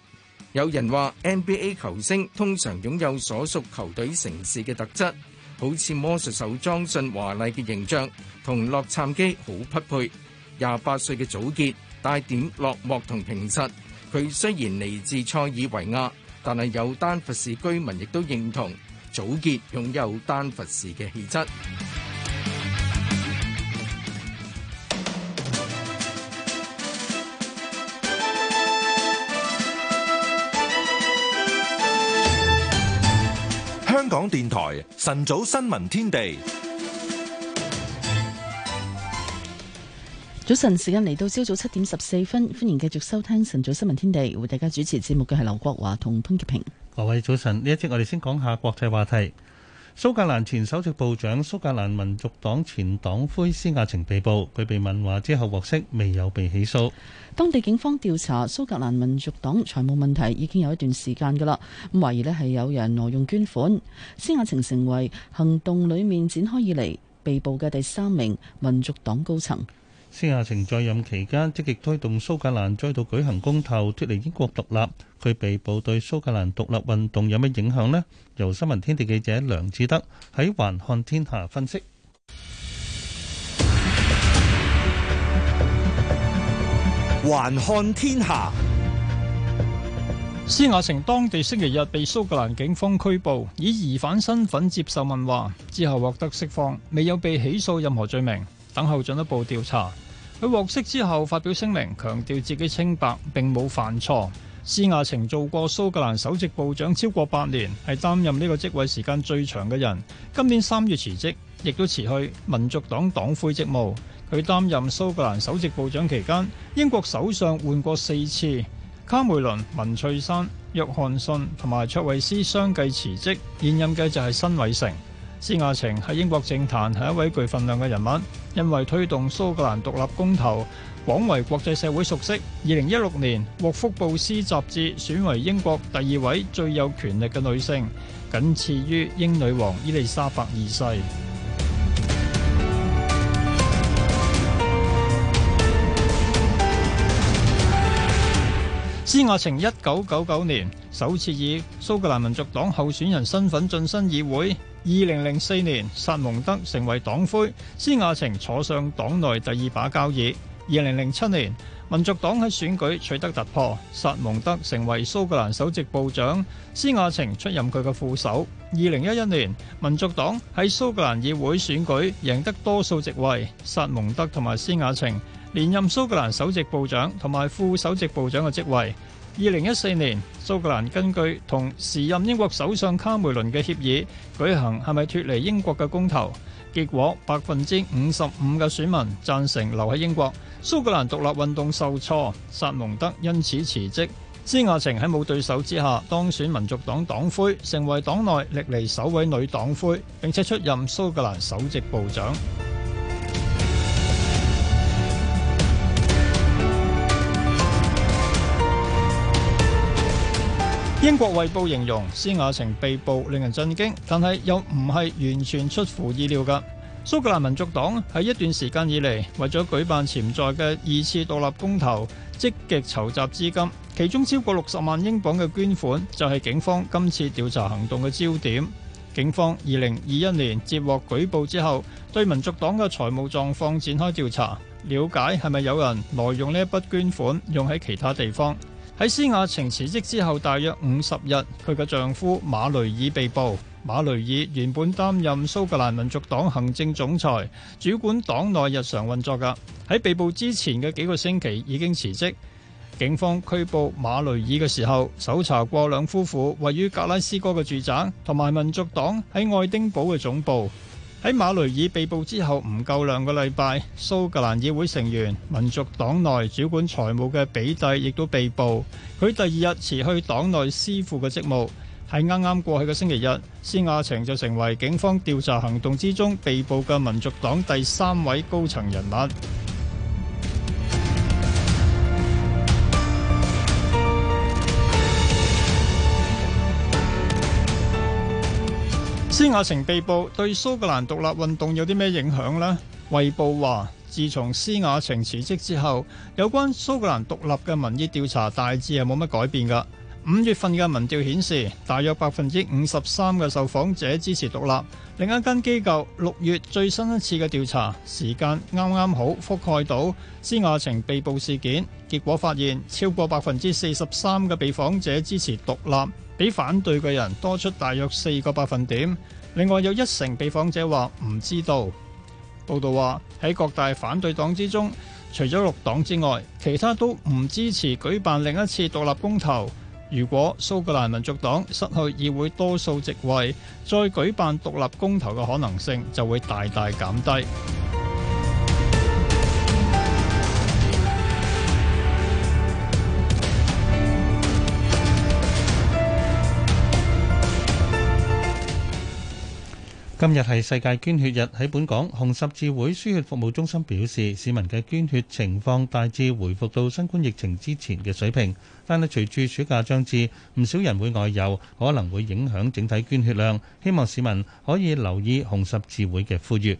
有人話 NBA 球星通常擁有所屬球隊城市嘅特質，好似魔術手莊遜華麗嘅形象，同洛杉磯好匹配。廿八歲嘅祖杰帶點落寞同平實。佢雖然嚟自塞爾維亞，但係有丹佛市居民亦都認同祖杰擁有丹佛市嘅氣質。香港電台晨早新聞天地，早晨時間嚟到朝早七點十四分，歡迎繼續收聽晨早新聞天地，為大家主持節目嘅係劉國華同潘潔平。各位早晨，呢一節我哋先講下國際話題。蘇格蘭前首席部長、蘇格蘭民族黨前黨魁施雅晴被捕，佢被問話之後獲釋，未有被起訴。當地警方調查蘇格蘭民族黨財務問題已經有一段時間㗎啦，咁懷疑咧係有人挪用捐款。施亞晴成為行動裡面展開以嚟被捕嘅第三名民族黨高層。施亞晴在任期間積極推動蘇格蘭再度舉行公投，脫離英國獨立。佢被捕對蘇格蘭獨立運動有咩影響呢？由新聞天地記者梁志德喺環看天下分析。還看天下。施雅晴當地星期日被蘇格蘭警方拘捕，以疑犯身份接受問話，之後獲得釋放，未有被起訴任何罪名，等候進一步調查。佢獲釋之後發表聲明，強調自己清白，並冇犯錯。施雅晴做過蘇格蘭首席部長超過八年，係擔任呢個職位時間最長嘅人。今年三月辭職，亦都辭去民族黨黨魁職務。佢擔任蘇格蘭首席部長期間，英國首相換過四次，卡梅倫、文翠珊、約翰遜同埋卓慧斯相繼辭職，現任嘅就係辛偉誠。施雅晴喺英國政壇係一位具份量嘅人物，因為推動蘇格蘭獨立公投，廣為國際社會熟悉。二零一六年獲福布斯雜誌選為英國第二位最有權力嘅女性，僅次於英女王伊麗莎白二世。施雅晴一九九九年首次以蘇格蘭民族黨候選人身份晉身議會，二零零四年薩蒙德成為黨魁，施雅晴坐上黨內第二把交椅。二零零七年，民族黨喺選舉取得突破，薩蒙德成為蘇格蘭首席部長，施雅晴出任佢嘅副手。二零一一年，民族黨喺蘇格蘭議會選舉贏得多數席位，薩蒙德同埋施雅晴，連任蘇格蘭首席部長同埋副首席部長嘅職位。二零一四年，蘇格蘭根據同時任英國首相卡梅倫嘅協議舉行係咪脱離英國嘅公投，結果百分之五十五嘅選民讚成留喺英國，蘇格蘭獨立運動受挫，薩蒙德因此辭職。施亞晴喺冇對手之下當選民族黨黨魁，成為黨內歷嚟首位女黨魁，並且出任蘇格蘭首席部長。英國衛報形容施雅晴被捕令人震驚，但係又唔係完全出乎意料嘅。蘇格蘭民族黨喺一段時間以嚟為咗舉辦潛在嘅二次獨立公投，積極籌集資金，其中超過六十萬英鎊嘅捐款就係警方今次調查行動嘅焦點。警方二零二一年接獲舉報之後，對民族黨嘅財務狀況展開調查，了解係咪有人挪用呢一筆捐款用喺其他地方。喺施雅晴辭職之後大約五十日，佢嘅丈夫馬雷爾被捕。馬雷爾原本擔任蘇格蘭民族黨行政總裁，主管黨內日常運作㗎。喺被捕之前嘅幾個星期已經辭職。警方拘捕馬雷爾嘅時候，搜查過兩夫婦位於格拉斯哥嘅住宅同埋民族黨喺愛丁堡嘅總部。喺馬雷爾被捕之後唔夠兩個禮拜，蘇格蘭議會成員、民族黨內主管財務嘅比蒂亦都被捕，佢第二日辭去黨內司庫嘅職務。喺啱啱過去嘅星期日，施亞晴就成為警方調查行動之中被捕嘅民族黨第三位高層人物。施雅晴被捕對蘇格蘭獨立運動有啲咩影響呢？衛報話，自從施雅晴辭職之後，有關蘇格蘭獨立嘅民意調查大致係冇乜改變噶。五月份嘅民調顯示，大約百分之五十三嘅受訪者支持獨立。另一間機構六月最新一次嘅調查時間啱啱好覆蓋到施雅晴被捕事件，結果發現超過百分之四十三嘅被訪者支持獨立，比反對嘅人多出大約四個百分點。另外有一成被訪者話唔知道。報道話喺各大反對黨之中，除咗綠黨之外，其他都唔支持舉辦另一次獨立公投。如果蘇格蘭民族黨失去議會多數席位，再舉辦獨立公投嘅可能性就會大大減低。今日係世界捐血日，喺本港，紅十字會輸血服務中心表示，市民嘅捐血情況大致回復到新冠疫情之前嘅水平，但係隨住暑假將至，唔少人會外遊，可能會影響整體捐血量。希望市民可以留意紅十字會嘅呼籲。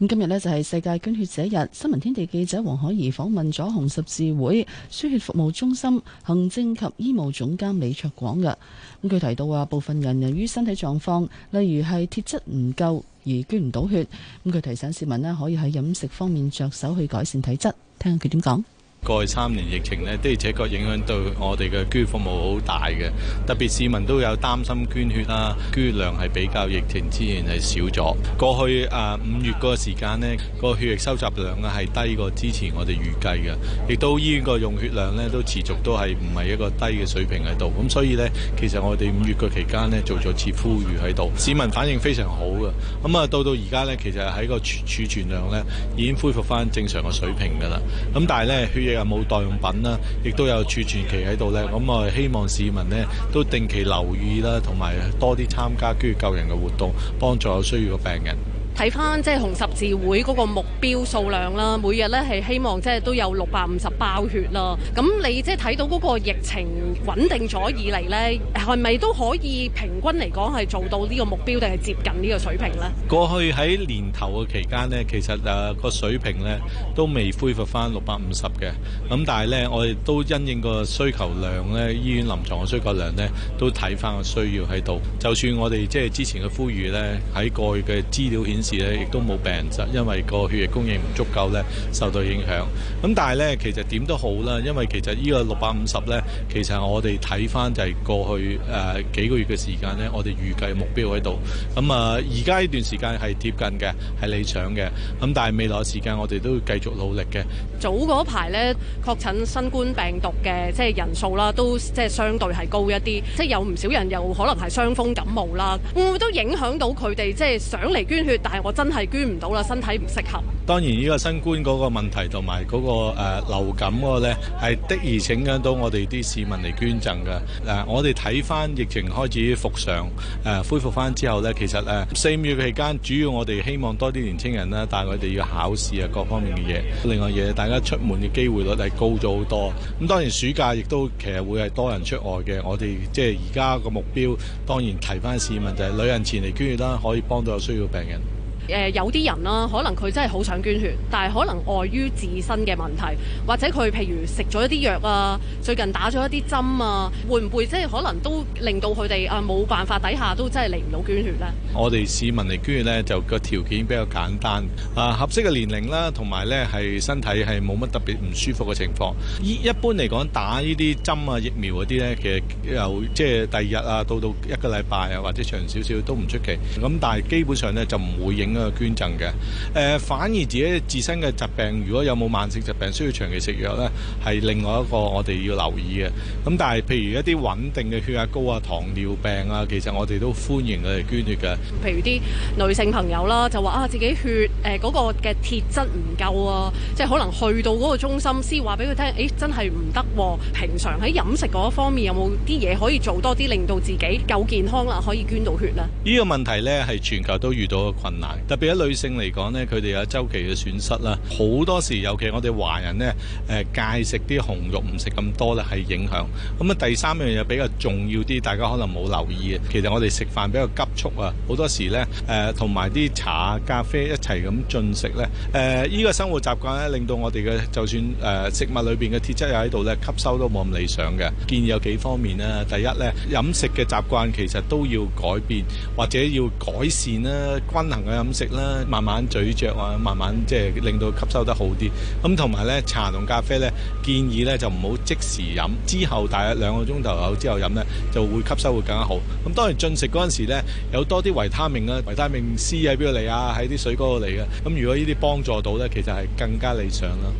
咁今日呢，就係世界捐血者日，新聞天地記者黃海怡訪問咗紅十字會輸血服務中心行政及醫務總監李卓廣㗎。咁佢提到話，部分人由於身體狀況，例如係鐵質唔夠而捐唔到血。咁佢提醒市民呢，可以喺飲食方面着手去改善體質。聽下佢點講。過去三年疫情呢，的而且確影響到我哋嘅捐服務好大嘅。特別市民都有擔心捐血啦，捐血量係比較疫情之前係少咗。過去啊、呃、五月嗰個時間呢，個血液收集量啊係低過之前我哋預計嘅，亦都醫院個用血量呢，都持續都係唔係一個低嘅水平喺度。咁所以呢，其實我哋五月嘅期間呢，做咗次呼籲喺度，市民反應非常好嘅。咁啊，到到而家呢，其實喺個儲存量呢，已經恢復翻正常嘅水平噶啦。咁但係呢。血又冇代用品啦，亦都有儲存期喺度咧。咁我希望市民咧都定期留意啦，同埋多啲參加捐血救人嘅活動，幫助有需要嘅病人。睇翻即係紅十字會嗰個目標數量啦，每日咧係希望即係都有六百五十包血啦。咁你即係睇到嗰個疫情穩定咗以嚟咧，係咪都可以平均嚟講係做到呢個目標，定係接近呢個水平咧？過去喺年頭嘅期間咧，其實啊個水平咧都未恢復翻六百五十嘅。咁但係咧，我哋都因應個需求量咧，醫院臨牀嘅需求量咧，都睇翻個需要喺度。就算我哋即係之前嘅呼籲咧，喺過去嘅資料顯示。亦都冇病人，就因為個血液供應唔足夠咧，受到影響。咁但係咧，其實點都好啦，因為其實呢個六百五十咧，其實我哋睇翻就係過去誒幾個月嘅時間咧，我哋預計目標喺度。咁啊，而家呢段時間係貼近嘅，係理想嘅。咁但係未來時間，我哋都會繼續努力嘅。早嗰排咧，確診新冠病毒嘅即係人數啦，都即係相對係高一啲，即係有唔少人又可能係傷風感冒啦，會唔會都影響到佢哋即係上嚟捐血？我真係捐唔到啦，身體唔適合。當然呢個新冠嗰個問題同埋嗰個流感嗰個咧，係的而請緊到我哋啲市民嚟捐贈嘅。誒、啊，我哋睇翻疫情開始復常、誒、啊、恢復翻之後呢，其實誒四五月期間主要我哋希望多啲年青人啦，但係佢哋要考試啊各方面嘅嘢。另外嘢大家出門嘅機會率係高咗好多。咁、啊、當然暑假亦都其實會係多人出外嘅。我哋即係而家個目標當然提翻市民就係旅行前嚟捐血啦，可以幫到有需要嘅病人。誒有啲人啦、啊，可能佢真係好想捐血，但係可能礙於自身嘅問題，或者佢譬如食咗一啲藥啊，最近打咗一啲針啊，會唔會即係可能都令到佢哋啊冇辦法底下都真係嚟唔到捐血咧？我哋市民嚟捐血咧就個條件比較簡單啊合適嘅年齡啦，同埋咧係身體係冇乜特別唔舒服嘅情況。一般嚟講打呢啲針啊疫苗嗰啲咧，其實由即係第二日啊到到一個禮拜啊或者長少少都唔出奇。咁但係基本上咧就唔會影捐贈嘅，誒、呃，反而自己自身嘅疾病，如果有冇慢性疾病需要長期食藥呢，係另外一個我哋要留意嘅。咁但係譬如一啲穩定嘅血壓高啊、糖尿病啊，其實我哋都歡迎佢哋捐血嘅。譬如啲女性朋友啦，就話啊，自己血誒、呃嗰個嘅鐵質唔夠啊，即係可能去到嗰個中心先話俾佢聽，誒真係唔得。平常喺飲食嗰方面有冇啲嘢可以做多啲，令到自己夠健康啦，可以捐到血咧？呢個問題呢，係全球都遇到困難。特別喺女性嚟講呢，佢哋有周期嘅損失啦，好多時尤其我哋華人呢，誒戒食啲紅肉，唔食咁多咧，係影響。咁啊，第三樣嘢比較重要啲，大家可能冇留意，其實我哋食飯比較急促啊，好多時呢，誒同埋啲茶咖啡一齊咁進食呢。誒呢個生活習慣呢，令到我哋嘅就算誒食物裏邊嘅鐵質又喺度呢，吸收都冇咁理想嘅。建議有幾方面呢：第一呢，飲食嘅習慣其實都要改變，或者要改善啦，均衡嘅飲食。食啦，慢慢咀嚼啊，慢慢即係令到吸收得好啲。咁同埋咧，茶同咖啡咧，建議咧就唔好即時飲，之後大約兩個鐘頭後之後飲咧，就會吸收會更加好。咁當然進食嗰陣時咧，有多啲維他命啊，維他命 C 喺邊度嚟啊？喺啲水果度嚟嘅。咁如果呢啲幫助到咧，其實係更加理想啦。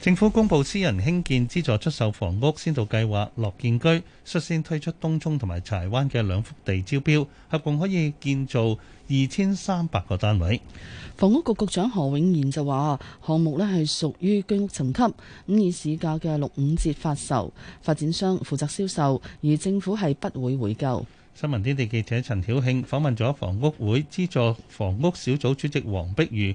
政府公布私人興建資助出售房屋先導計劃「樂建居」，率先推出東涌同埋柴灣嘅兩幅地招標，合共可以建造二千三百個單位。房屋局局長何永賢就話：項目咧係屬於居屋層級，咁以市價嘅六五折發售，發展商負責銷售，而政府係不會回購。新聞天地記者陳曉慶訪問咗房屋會資助房屋小組主席黃碧如。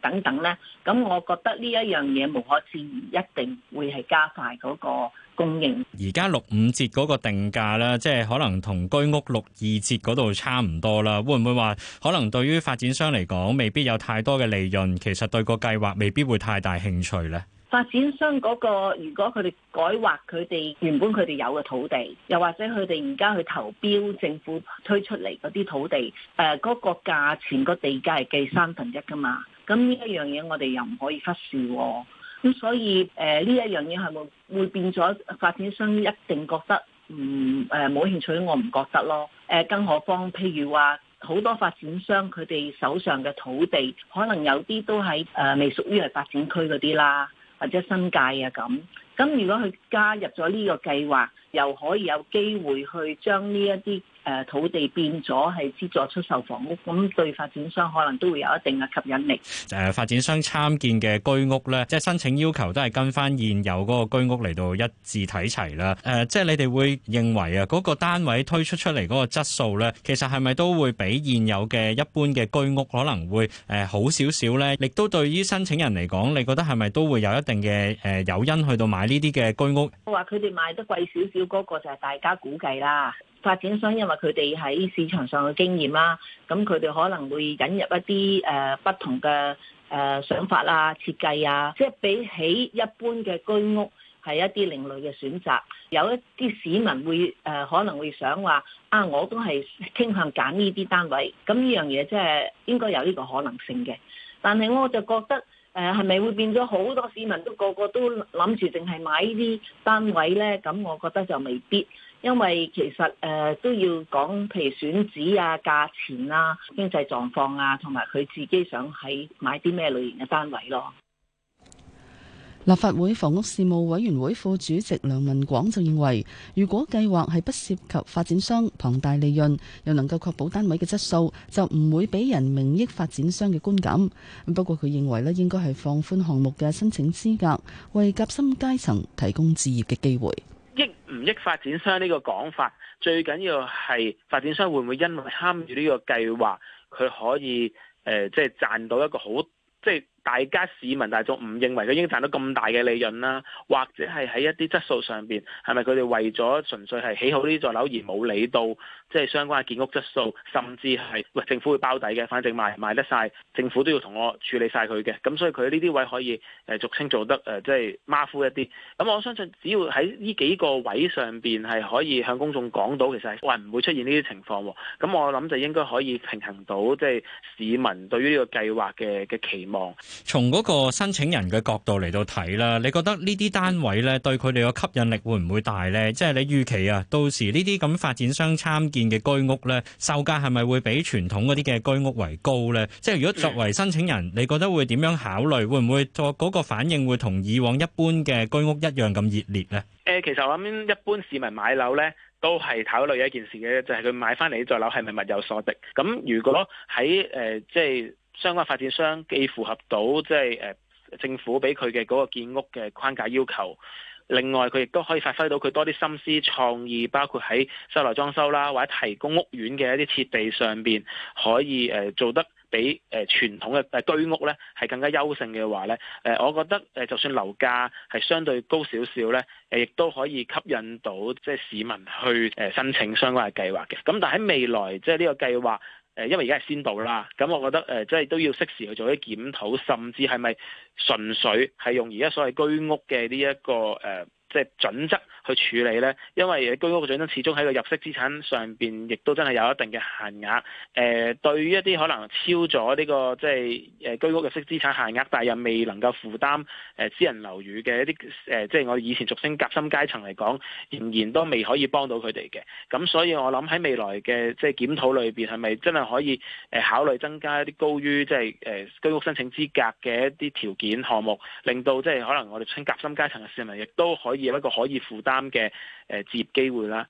等等咧，咁我覺得呢一樣嘢無可置疑，一定會係加快嗰個供應。而家六五折嗰個定價啦，即係可能同居屋六二折嗰度差唔多啦。會唔會話可能對於發展商嚟講，未必有太多嘅利潤，其實對個計劃未必會太大興趣咧？發展商嗰、嗰個，如果佢哋改劃佢哋原本佢哋有嘅土地，又或者佢哋而家去投標政府推出嚟嗰啲土地，誒、呃、嗰、嗰個價錢個地價係計三分一噶嘛？咁呢一樣嘢我哋又唔可以忽視喎，咁所以誒呢一樣嘢係會會變咗發展商一定覺得唔誒冇興趣，我唔覺得咯。誒、呃、更何況譬如話好多發展商佢哋手上嘅土地，可能有啲都係誒、呃、未屬於係發展區嗰啲啦，或者新界啊咁。咁如果佢加入咗呢個計劃，又可以有機會去將呢一啲誒土地變咗係資助出售房屋，咁對發展商可能都會有一定嘅吸引力。誒發展商參建嘅居屋咧，即係申請要求都係跟翻現有嗰個居屋嚟到一致睇齊啦。誒，即係你哋會認為啊，嗰個單位推出出嚟嗰個質素咧，其實係咪都會比現有嘅一般嘅居屋可能會誒好少少咧？亦都對於申請人嚟講，你覺得係咪都會有一定嘅誒誘因去到買？呢啲嘅居屋，我話佢哋賣得貴少少，嗰、那個就係大家估計啦。發展商因為佢哋喺市場上嘅經驗啦，咁佢哋可能會引入一啲誒、呃、不同嘅誒、呃、想法啊、設計啊，即係比起一般嘅居屋係一啲另類嘅選擇。有一啲市民會誒、呃、可能會想話啊，我都係傾向揀呢啲單位。咁呢樣嘢即係應該有呢個可能性嘅，但係我就覺得。誒係咪會變咗好多市民都個個都諗住淨係買呢啲單位咧？咁我覺得就未必，因為其實誒、呃、都要講，譬如選址啊、價錢啦、啊、經濟狀況啊，同埋佢自己想喺買啲咩類型嘅單位咯。立法會房屋事務委員會副主席梁文廣就認為，如果計劃係不涉及發展商龐大利潤，又能夠確保單位嘅質素，就唔會俾人名益發展商嘅觀感。不過佢認為咧，應該係放寬項目嘅申請資格，為夾心階層提供置業嘅機會。益唔益發展商呢個講法，最緊要係發展商會唔會因為參與呢個計劃，佢可以誒，即係賺到一個好即係。就是大家市民大眾唔認為佢應賺到咁大嘅利潤啦、啊，或者係喺一啲質素上邊，係咪佢哋為咗純粹係起好呢座樓而冇理到？即係相關嘅建屋質素，甚至係喂政府會包底嘅，反正賣賣得晒，政府都要同我處理晒佢嘅。咁所以佢呢啲位可以誒俗稱做得誒、呃，即係馬虎一啲。咁我相信只要喺呢幾個位上邊係可以向公眾講到，其實係唔會出現呢啲情況。咁我諗就應該可以平衡到，即係市民對於呢個計劃嘅嘅期望。從嗰個申請人嘅角度嚟到睇啦，你覺得呢啲單位咧對佢哋嘅吸引力會唔會大咧？即係你預期啊，到時呢啲咁發展商參？嘅居屋呢，售價係咪會比傳統嗰啲嘅居屋為高呢？即係如果作為申請人，你覺得會點樣考慮？會唔會作嗰個反應會同以往一般嘅居屋一樣咁熱烈呢？誒，其實我諗一般市民買樓呢，都係考慮一件事嘅，就係佢買翻嚟座樓，係咪物有所值？咁如果喺誒即係相關發展商既符合到即係誒政府俾佢嘅嗰個建屋嘅框架要求。另外，佢亦都可以發揮到佢多啲心思創意，包括喺室內裝修啦，或者提供屋苑嘅一啲設備上邊，可以誒做得比誒傳統嘅居屋咧係更加優勝嘅話咧，誒我覺得誒就算樓價係相對高少少咧，誒亦都可以吸引到即係市民去誒申請相關嘅計劃嘅。咁但喺未來即係呢個計劃。誒，因為而家係先到啦，咁我覺得誒、呃，即係都要適時去做啲檢討，甚至係咪純粹係用而家所謂居屋嘅呢一個誒，呃即係準則去處理咧，因為居屋嘅準則始終喺個入息資產上邊，亦都真係有一定嘅限額。誒、呃，對於一啲可能超咗呢、這個即係誒居屋入息資產限額，但係又未能夠負擔誒私人樓宇嘅一啲誒、呃，即係我以前俗稱夾心階層嚟講，仍然都未可以幫到佢哋嘅。咁所以我諗喺未來嘅即係檢討裏邊，係咪真係可以誒考慮增加一啲高於即係誒居屋申請資格嘅一啲條件項目，令到即係可能我哋稱夾心階層嘅市民亦都可以。有一個可以負擔嘅誒，置業機會啦。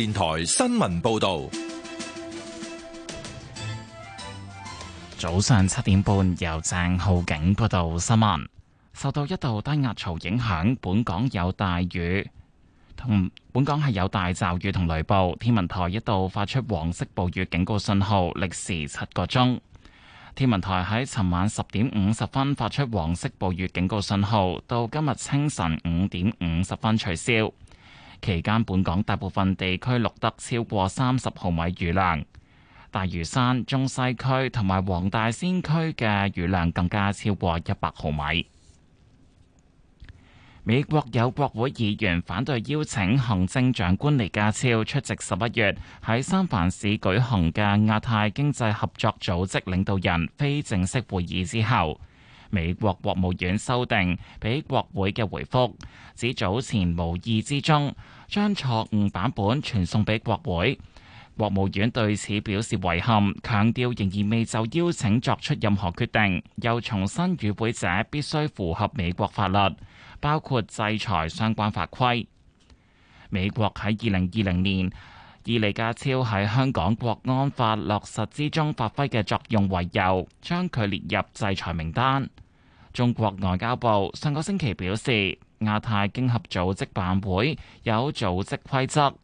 電台新聞報道：早上七點半，由鄭浩景報道新聞。受到一道低壓槽影響，本港有大雨，同本港係有大驟雨同雷暴。天文台一度發出黃色暴雨警告信號，歷時七個鐘。天文台喺尋晚十點五十分發出黃色暴雨警告信號，到今日清晨五點五十分取消。期間，本港大部分地區錄得超過三十毫米雨量，大嶼山、中西區同埋黃大仙區嘅雨量更加超過一百毫米。美國有國會議員反對邀請行政長官李家超出席十一月喺三藩市舉行嘅亞太經濟合作組織領導人非正式會議之後。美國國務院修訂俾國會嘅回覆，指早前無意之中將錯誤版本傳送俾國會。國務院對此表示遺憾，強調仍然未就邀請作出任何決定，又重申與會者必須符合美國法律，包括制裁相關法規。美國喺二零二零年，以李家超喺香港國安法落實之中發揮嘅作用為由，將佢列入制裁名單。中國外交部上個星期表示，亞太經合組織辦會有組織規則，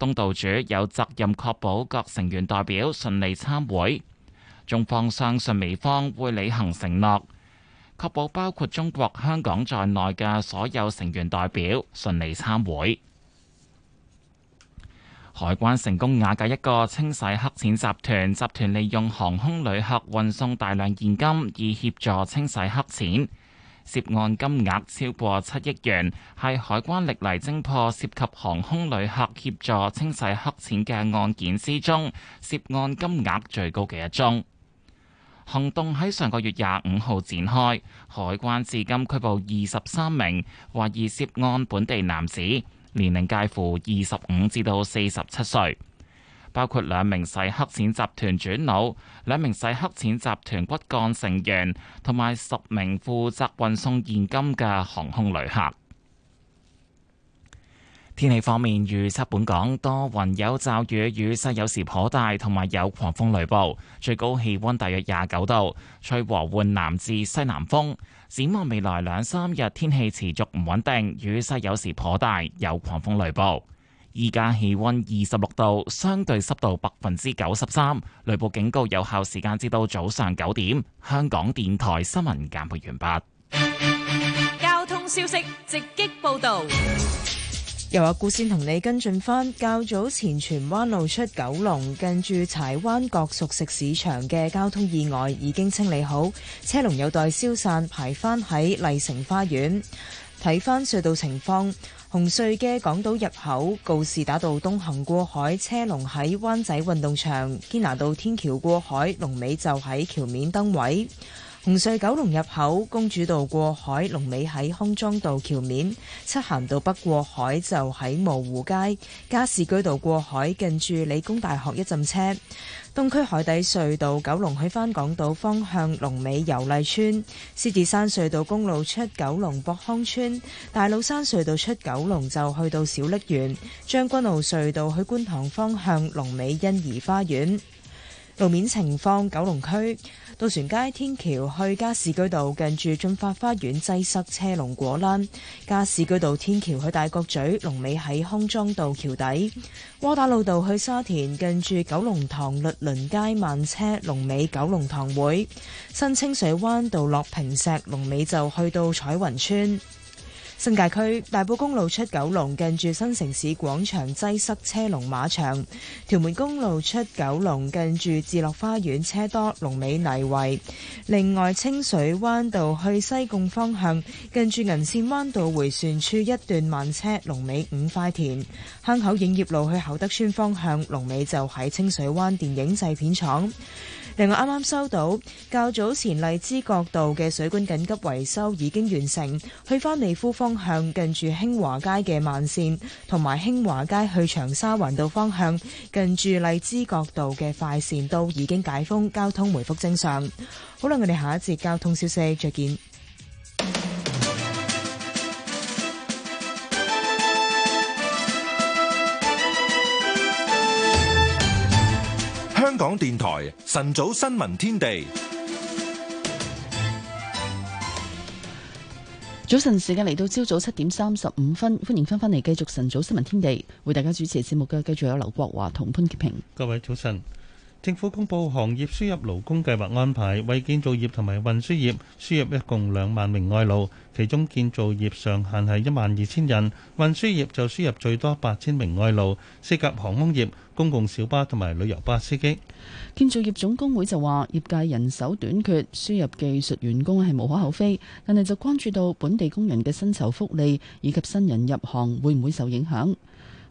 東道主有責任確保各成員代表順利參會，中方相信美方會履行承諾，確保包括中國香港在內嘅所有成員代表順利參會。海關成功瓦解一個清洗黑錢集團，集團利用航空旅客運送大量現金以協助清洗黑錢，涉案金額超過七億元，係海關歷嚟偵破涉及航空旅客協助清洗黑錢嘅案件之中涉案金額最高嘅一宗。行動喺上個月廿五號展開，海關至今拘捕二十三名懷疑涉案本地男子。年齡介乎二十五至到四十七歲，包括兩名洗黑錢集團轉腦、兩名洗黑錢集團骨幹成員，同埋十名負責運送現金嘅航空旅客。天氣方面，預測本港多雲有驟雨，雨勢有時頗大，同埋有狂風雷暴，最高氣溫大約廿九度，吹和緩南至西南風。展望未來兩三日，天氣持續唔穩定，雨勢有時頗大，有狂風雷暴。依家氣溫二十六度，相對濕度百分之九十三，雷暴警告有效時間至到早上九點。香港電台新聞簡報完畢。交通消息直擊報導。又話，阿先同你跟進返較早前荃灣路出九龍，近住柴灣角熟食市場嘅交通意外已經清理好，車龍有待消散，排返喺麗城花園。睇返隧道情況，紅隧嘅港島入口告士打道東行過海車龍喺灣仔運動場，堅拿道天橋過海龍尾就喺橋面燈位。紅隧九龍入口，公主道過海，龍尾喺康莊道橋面；漆咸道北過海就喺蕪湖街，加士居道過海近住理工大學一浸車。東區海底隧道九龍去翻港島方向，龍尾油麗邨；獅子山隧道公路出九龍博康村，大老山隧道出九龍就去到小瀝源；將軍澳隧道去觀塘方向，龍尾欣怡花園。路面情況，九龍區。渡船街天橋去加士居道近住駿發花園擠塞車龍果欄；加士居道天橋去大角咀龍尾喺康莊道橋底；窩打老道去沙田近住九龍塘律倫街慢車龍尾九龍塘會；新清水灣道落坪石龍尾就去到彩雲村。新界區大埔公路出九龍，近住新城市廣場擠塞車龍馬場；屯門公路出九龍，近住置樂花園車多，龍尾泥圍。另外，清水灣道去西貢方向，近住銀線灣道迴旋處一段慢車，龍尾五塊田。坑口影業路去厚德村方向，龍尾就喺清水灣電影製片廠。另外，啱啱收到較早前荔枝角道嘅水管緊急維修已經完成，去翻美孚方向近住興華街嘅慢線，同埋興華街去長沙環道方向，近住荔枝角道嘅快線都已經解封，交通回復正常。好啦，我哋下一節交通消息再見。香港電台晨早新聞天地。早晨時間嚟到，朝早七點三十五分，歡迎返返嚟繼續晨早新聞天地，為大家主持節目嘅繼續有劉國華同潘潔平。各位早晨，政府公布行業輸入勞工計劃安排，為建造業同埋運輸業輸入一共兩萬名外勞，其中建造業上限係一萬二千人，運輸業就輸入最多八千名外勞，涉及航空業、公共小巴同埋旅遊巴司機。建造業總工會就話業界人手短缺，輸入技術員工係無可厚非，但係就關注到本地工人嘅薪酬福利以及新人入行會唔會受影響。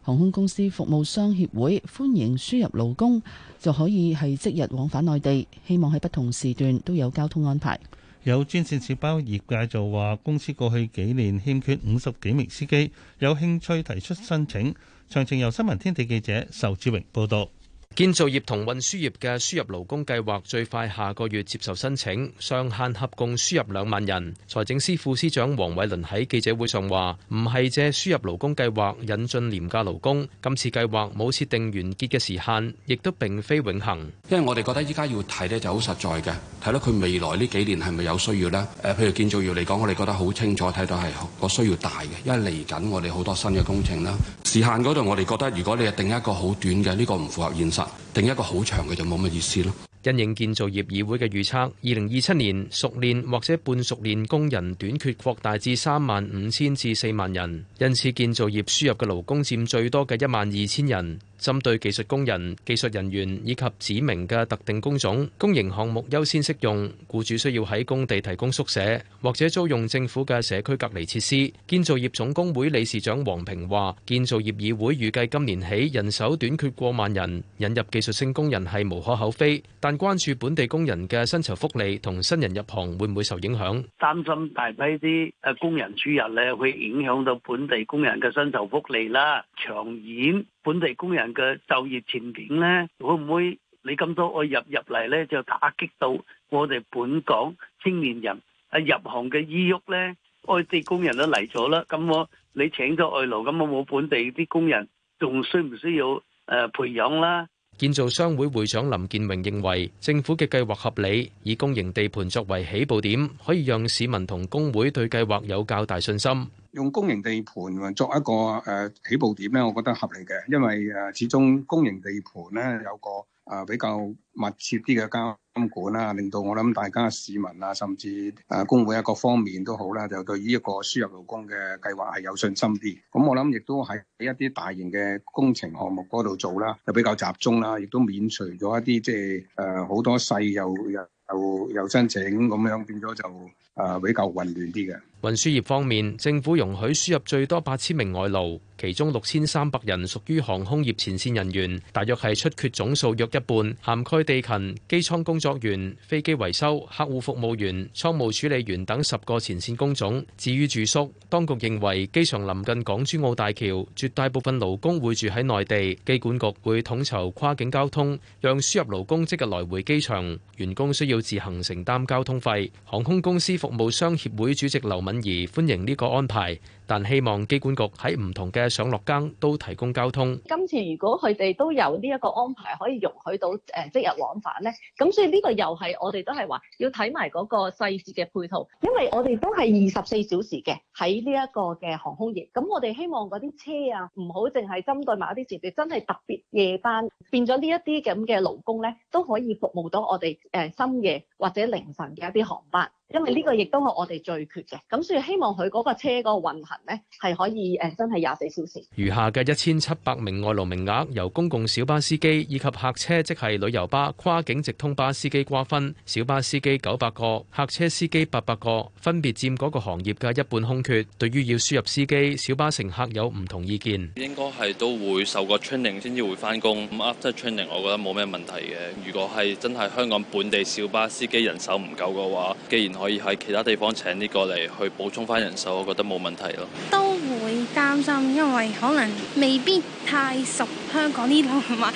航空公司服務商協會歡迎輸入勞工，就可以係即日往返內地，希望喺不同時段都有交通安排。有專線小巴業界就話公司過去幾年欠缺五十幾名司機，有興趣提出申請。詳情由新聞天地記者仇志榮報道。建造業同運輸業嘅輸入勞工計劃最快下個月接受申請，上限合共輸入兩萬人。財政司副司長黃偉綸喺記者會上話：唔係借輸入勞工計劃引進廉價勞工，今次計劃冇設定完結嘅時限，亦都並非永恆。因為我哋覺得依家要睇呢就好實在嘅，睇到佢未來呢幾年係咪有需要呢？誒，譬如建造業嚟講，我哋覺得好清楚，睇到係個需要大嘅，因為嚟緊我哋好多新嘅工程啦。時限嗰度我哋覺得，如果你係定一個好短嘅，呢個唔符合現實。定一個好長嘅就冇乜意思咯。因應建造業議會嘅預測，二零二七年熟練或者半熟練工人短缺擴大至三萬五千至四萬人，因此建造業輸入嘅勞工佔最多嘅一萬二千人。針對技術工人、技術人員以及指明嘅特定工種，公營項目優先適用。僱主需要喺工地提供宿舍，或者租用政府嘅社區隔離設施。建造業總工會理事長黃平話，建造業議會預計今年起人手短缺過萬人，引入技術性工人係無可厚非，但關注本地工人嘅薪酬福利同新人入行會唔會受影響。擔心大批啲誒工人出入咧，會影響到本地工人嘅薪酬福利啦，長遠，本地工人嘅就業前景呢，會唔會你咁多外勞入嚟呢？就打擊到我哋本港青年人啊入行嘅意欲呢？外地工人都嚟咗啦，咁我你請咗外勞，咁我冇本地啲工人，仲需唔需要誒培養啦？建造商會會長林建榮認為，政府嘅計劃合理，以公營地盤作為起步點，可以讓市民同工會對計劃有較大信心。用公營地盤作一個誒起步點咧，我覺得合理嘅，因為誒始終公營地盤咧有個。啊、呃，比較密切啲嘅監管啦，令到我諗大家市民啊，甚至啊工會啊，各方面都好啦，就對呢一個輸入勞工嘅計劃係有信心啲。咁、嗯、我諗亦都係喺一啲大型嘅工程項目嗰度做啦，就比較集中啦，亦都免除咗一啲即係誒好多細又又又又申請咁樣，變咗就誒、呃、比較混亂啲嘅。運輸業方面，政府容許輸入最多八千名外勞，其中六千三百人屬於航空業前線人員，大約係出缺總數約一半，涵蓋地勤、機艙工作員、飛機維修、客戶服務員、倉務處理員等十個前線工種。至於住宿，當局認為機場臨近港珠澳大橋，絕大部分勞工會住喺內地，機管局會統籌跨境交通，讓輸入勞工即日來回機場，員工需要自行承擔交通費。航空公司服務商協會主席劉文，而歡迎呢個安排。但希望機管局喺唔同嘅上落更都提供交通。今次如果佢哋都有呢一個安排，可以容許到誒即日往返咧，咁所以呢個又係我哋都係話要睇埋嗰個細節嘅配套，因為我哋都係二十四小時嘅喺呢一個嘅航空業。咁我哋希望嗰啲車啊，唔好淨係針對某一啲時段，真係特別夜班變咗呢一啲咁嘅勞工咧，都可以服務到我哋誒深夜或者凌晨嘅一啲航班，因為呢個亦都係我哋最缺嘅。咁所以希望佢嗰個車嗰個運行。咧係可以誒，真係廿四小時。餘下嘅一千七百名外勞名額，由公共小巴司機以及客車即係旅遊巴、跨境直通巴司機瓜分。小巴司機九百個，客車司機八百個，分別佔嗰個行業嘅一半空缺。對於要輸入司機，小巴乘客有唔同意見，應該係都會受過 training 先至會翻工咁啊，After training，我覺得冇咩問題嘅。如果係真係香港本地小巴司機人手唔夠嘅話，既然可以喺其他地方請呢個嚟去補充翻人手，我覺得冇問題。都會擔心，因為可能未必太熟香港呢度，兩物。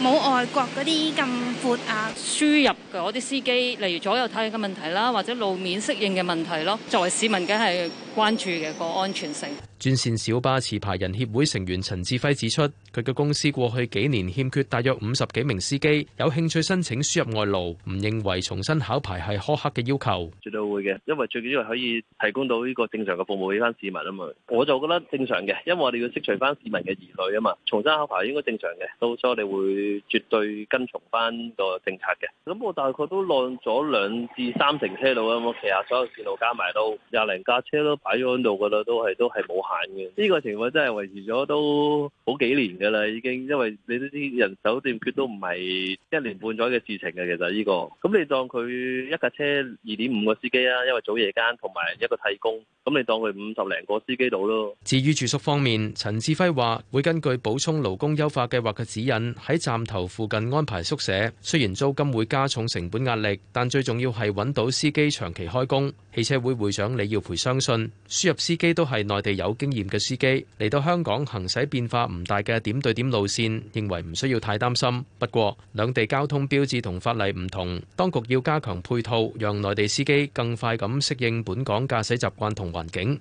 冇外國嗰啲咁闊啊，輸入嗰啲司機，例如左右睇嘅問題啦，或者路面適應嘅問題咯。作為市民，梗係關注嘅個安全性。專線小巴持牌人協會成員陳志輝指出，佢嘅公司過去幾年欠缺大約五十幾名司機，有興趣申請輸入外勞，唔認為重新考牌係苛刻嘅要求。絕對會嘅，因為最緊要可以提供到呢個正常嘅服務俾翻市民啊嘛。我就覺得正常嘅，因為我哋要釋除翻市民嘅疑慮啊嘛。重新考牌應該正常嘅，到咗我哋。會絕對跟從翻個政策嘅，咁我大概都浪咗兩至三成車路啊，我旗下所有線路加埋都廿零架車都擺咗喺度噶啦，都係都係冇限嘅。呢個情況真係維持咗都好幾年噶啦，已經，因為你都知人手短缺都唔係一年半載嘅事情嘅，其實呢個。咁你當佢一架車二點五個司機啊，因為早夜間同埋一個替工，咁你當佢五十零個司機度咯。至於住宿方面，陳志輝話會根據補充勞工優化計劃嘅指引。喺站頭附近安排宿舍，雖然租金會加重成本壓力，但最重要係揾到司機長期開工。汽車會會長李耀培相信，輸入司機都係內地有經驗嘅司機，嚟到香港行駛變化唔大嘅點對點路線，認為唔需要太擔心。不過，兩地交通標誌同法例唔同，當局要加強配套，讓內地司機更快咁適應本港駕駛習慣同環境。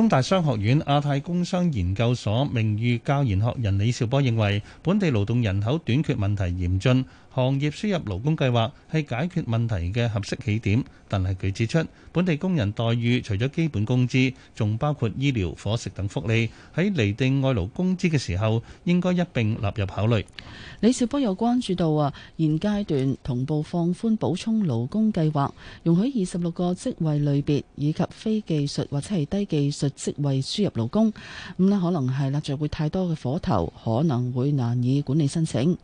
中大商學院亞太工商研究所名譽教研學人李兆波認為，本地勞動人口短缺問題嚴峻。行業輸入勞工計劃係解決問題嘅合適起點，但係佢指出本地工人待遇除咗基本工資，仲包括醫療、伙食等福利，喺釐定外勞工資嘅時候應該一併納入考慮。李兆波又關注到啊，現階段同步放寬補充勞工計劃，容許二十六個職位類別以及非技術或者係低技術職位輸入勞工，咁、嗯、呢，可能係攬住會太多嘅火頭，可能會難以管理申請。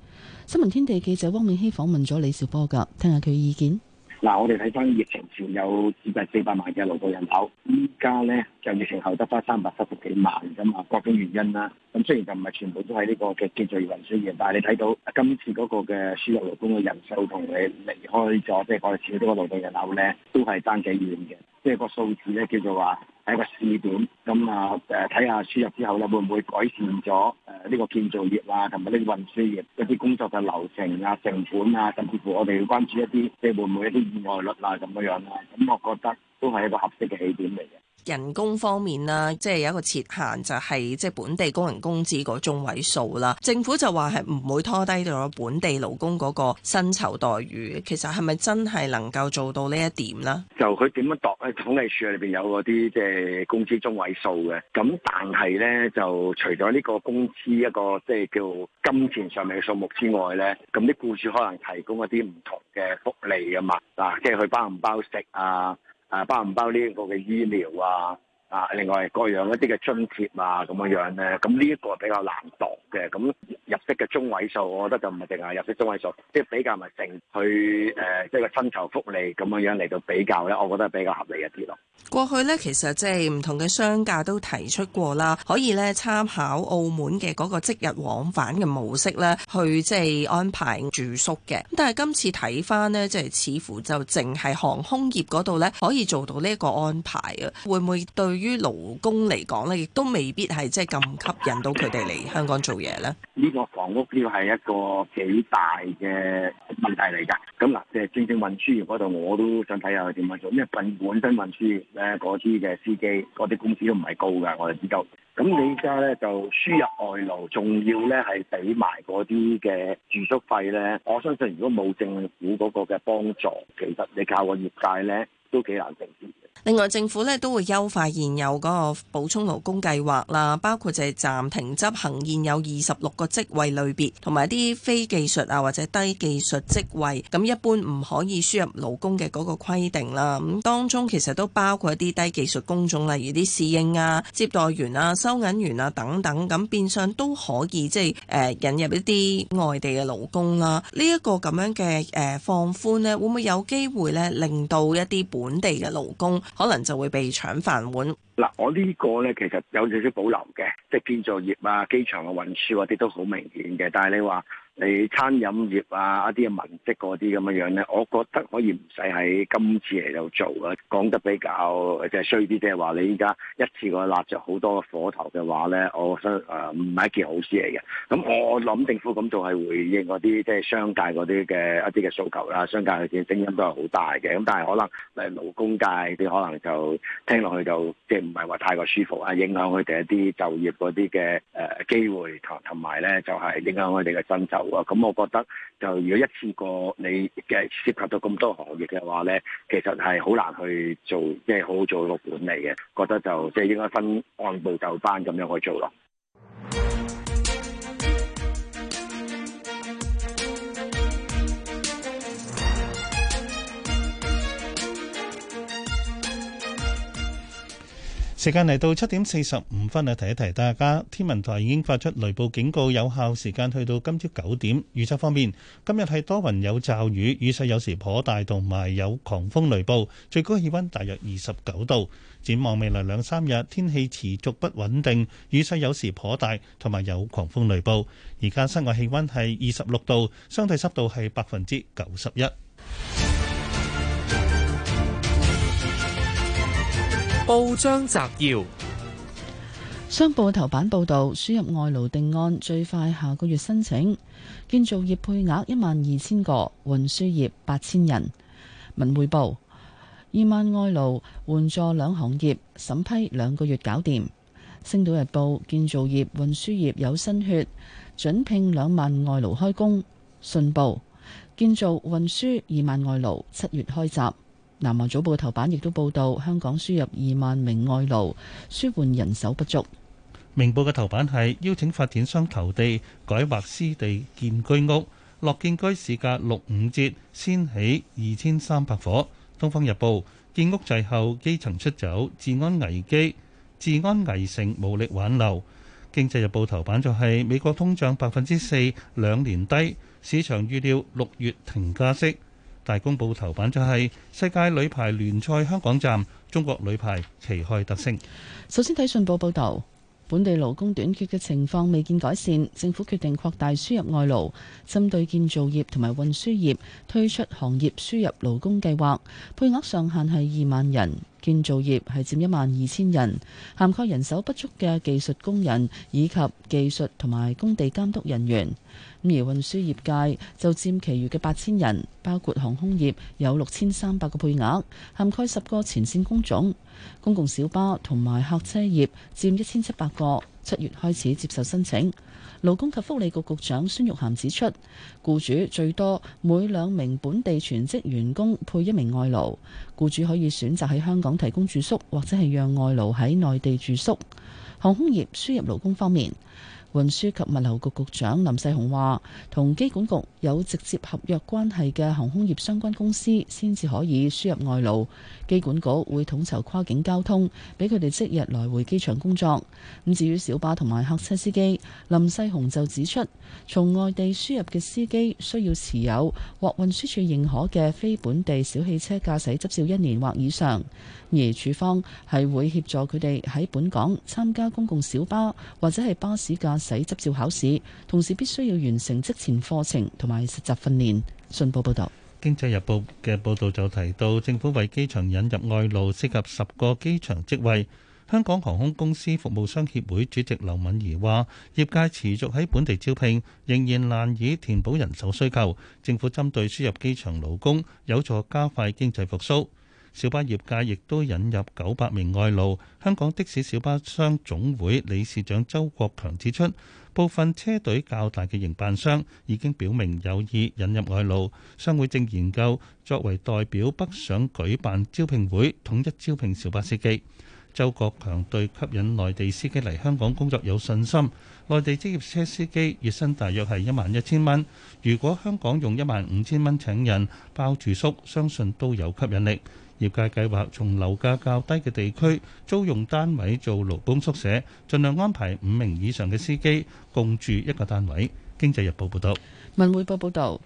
新聞天地記者汪永熙訪問咗李兆波噶，聽下佢意見。嗱，我哋睇翻疫情前有接近四百萬嘅勞動人口，依家咧就疫情後得翻三百七十幾萬咁啊，各種原因啦。咁雖然就唔係全部都喺呢個嘅建築運輸業，但係你睇到今次嗰個嘅輸入勞工嘅人數同你離開咗，即係我哋少咗嗰個勞動人口咧，都係爭幾遠嘅，即係個數字咧叫做話。係一個試點，咁啊，誒、呃，睇下輸入之後咧，會唔會改善咗誒呢個建造業啊，同埋呢個運輸業一啲工作嘅流程啊、成本啊，甚至乎我哋要關注一啲，即係會唔會一啲意外率啊咁樣樣咧、啊？咁我覺得都係一個合適嘅起點嚟嘅。人工方面啦，即係有一個設限，就係即係本地工人工資個中位數啦。政府就話，係唔會拖低到本地勞工嗰個薪酬待遇。其實，係咪真係能夠做到呢一點咧？就佢點樣度？統計處裏邊有嗰啲即係工資中位數嘅。咁但係咧，就除咗呢個工資一個即係叫金錢上面嘅數目之外咧，咁啲僱主可能提供一啲唔同嘅福利啊嘛。嗱，即係佢包唔包食啊？啊，包唔包呢一個嘅醫療啊？啊！另外各樣一啲嘅津貼啊，咁樣樣咧，咁呢一個比較難度嘅咁入息嘅中位數，我覺得就唔係淨係入息中位數，即係比較咪成去誒，即係個薪酬福利咁樣樣嚟到比較咧，我覺得比較合理一啲咯。過去咧，其實即係唔同嘅商界都提出過啦，可以咧參考澳門嘅嗰個即日往返嘅模式咧，去即係安排住宿嘅。但係今次睇翻咧，即係似乎就淨係航空業嗰度咧可以做到呢一個安排啊？會唔會對？對於勞工嚟講咧，亦都未必係即係咁吸引到佢哋嚟香港做嘢咧。呢個房屋要係一個幾大嘅問題嚟㗎。咁嗱，即係正正運輸業嗰度，我都想睇下佢點樣做。因為運本身運輸業咧，嗰啲嘅司機，嗰啲工資都唔係高㗎，我哋知道。咁你而家咧就輸入外勞，仲要咧係俾埋嗰啲嘅住宿費咧。我相信如果冇政府嗰個嘅幫助，其實你靠個業界咧都幾難成事嘅。另外政府咧都會優化現有嗰個補充勞工計劃啦，包括就係暫停執行現有二十六個職位類別同埋一啲非技術啊或者低技術職位，咁一般唔可以輸入勞工嘅嗰個規定啦。咁當中其實都包括一啲低技術工種，例如啲侍應啊、接待員啊。收銀員啊等等，咁變相都可以即係誒、呃、引入一啲外地嘅勞工啦。呢、這、一個咁樣嘅誒、呃、放寬咧，會唔會有機會咧令到一啲本地嘅勞工可能就會被搶飯碗？嗱、啊，我個呢個咧其實有少少保留嘅，即係建造業啊、機場嘅運輸嗰啲都好明顯嘅，但係你話。你餐飲業啊，一啲嘅文職嗰啲咁樣樣咧，我覺得可以唔使喺今次嚟度做啊。講得比較即係衰啲，即係話你依家一次過立著好多火頭嘅話咧，我覺得誒唔係一件好事嚟嘅。咁我諗政府咁做係回應嗰啲即係商界嗰啲嘅一啲嘅訴求啦，商界嘅聲音都係好大嘅。咁但係可能誒勞工界啲可能就聽落去就即係唔係話太過舒服啊，影響佢哋一啲就業嗰啲嘅誒機會同同埋咧就係、是、影響佢哋嘅薪酬。咁、嗯、我覺得就如果一次過你嘅涉及到咁多行業嘅話咧，其實係好難去做，即係好好做個管理嘅。覺得就即係應該分按部就班咁樣去做咯。時間嚟到七點四十五分，啊，提一提大家，天文台已經發出雷暴警告，有效時間去到今朝九點。預測方面，今日係多雲有驟雨，雨勢有時頗大，同埋有狂風雷暴，最高氣溫大約二十九度。展望未來兩三日，天氣持續不穩定，雨勢有時頗大，同埋有狂風雷暴。而家室外氣溫係二十六度，相對濕度係百分之九十一。報章摘要：商報頭版報道，輸入外勞定案，最快下個月申請，建造業配額一萬二千個，運輸業八千人。文匯報：二萬外勞援助兩行業，審批兩個月搞掂。星島日報：建造業、運輸業有新血，準聘兩萬外勞開工。信報：建造、運輸二萬外勞七月開閘。南華早報頭版亦都報道，香港輸入二萬名外勞，舒緩人手不足。明報嘅頭版係邀請發展商投地，改劃私地建居屋。樂建居市價六五折，先起二千三百夥。東方日報建屋滯後，基層出走，治安危機，治安危城無力挽留。經濟日報頭版就係美國通脹百分之四，兩年低，市場預料六月停加息。大公報頭版就係世界女排聯賽香港站，中國女排旗開得勝。首先睇信報報導，本地勞工短缺嘅情況未見改善，政府決定擴大輸入外勞，針對建造業同埋運輸業推出行業輸入勞工計劃，配額上限係二萬人。建造業係佔一萬二千人，涵蓋人手不足嘅技術工人以及技術同埋工地監督人員。而運輸業界就佔其餘嘅八千人，包括航空業有六千三百個配額，涵蓋十個前線工種。公共小巴同埋客車業佔一千七百個，七月開始接受申請。勞工及福利局局長孫玉菡指出，僱主最多每兩名本地全職員工配一名外勞，僱主可以選擇喺香港提供住宿，或者係讓外勞喺內地住宿。航空業輸入勞工方面。運輸及物流局局長林世雄話，同機管局有直接合約關係嘅航空業相關公司，先至可以輸入外勞。機管局會統籌跨境交通，俾佢哋即日來回機場工作。咁至於小巴同埋客車司機，林世雄就指出，從外地輸入嘅司機需要持有獲運輸署認可嘅非本地小汽車駕駛執照一年或以上，而署方係會協助佢哋喺本港參加公共小巴或者係巴士駕駛使執照考試，同時必須要完成職前課程同埋實習訓練。信報報導，《經濟日報》嘅報導就提到，政府為機場引入外勞，涉及十個機場職位。香港航空公司服務商協會主席劉敏儀話，業界持續喺本地招聘，仍然難以填補人手需求。政府針對輸入機場勞工，有助加快經濟復甦。小巴業界亦都引入九百名外勞。香港的士小巴商總會理事長周國強指出，部分車隊較大嘅營辦商已經表明有意引入外勞，商會正研究作為代表北上舉辦招聘會，統一招聘小巴司機。周國強對吸引內地司機嚟香港工作有信心。內地職業車司機月薪大約係一萬一千蚊，如果香港用一萬五千蚊請人包住宿，相信都有吸引力。業界計劃從樓價較低嘅地區租用單位做勞工宿舍，盡量安排五名以上嘅司機共住一個單位。經濟日報報道。文匯報報道。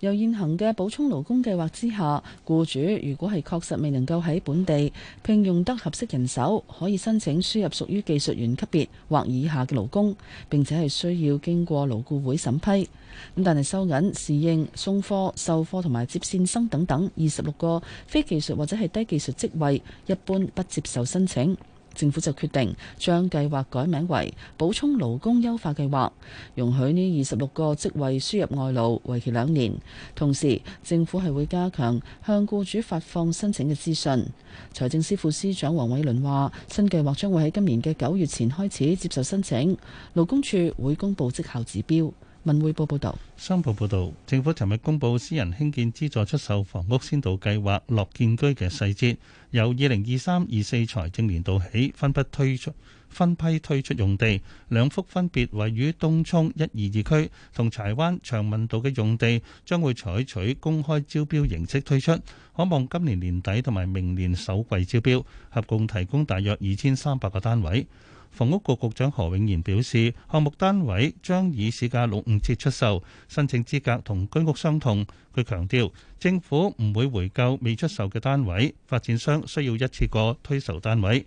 由現行嘅補充勞工計劃之下，僱主如果係確實未能夠喺本地聘用得合適人手，可以申請輸入屬於技術員級別或以下嘅勞工，並且係需要經過勞顧會審批。咁但係收銀、侍應、送貨、售貨同埋接線生等等二十六個非技術或者係低技術職位，一般不接受申請。政府就決定將計劃改名為補充勞工優化計劃，容許呢二十六個職位輸入外勞，為期兩年。同時，政府係會加強向僱主發放申請嘅資訊。財政司副司長黃偉綸話：新計劃將會喺今年嘅九月前開始接受申請，勞工處會公布績效指標。文匯報報道，商報報道，政府尋日公布私人興建資助出售房屋先導計劃樂建居嘅細節，由二零二三、二四財政年度起，分批推出，分批推出用地，兩幅分別位於東涌一二二區同柴灣祥民道嘅用地，將會採取公開招標形式推出，可望今年年底同埋明年首季招標，合共提供大約二千三百個單位。房屋局局長何永賢表示，項目單位將以市價六五折出售，申請資格同居屋相同。佢強調，政府唔會回購未出售嘅單位，發展商需要一次過推售單位。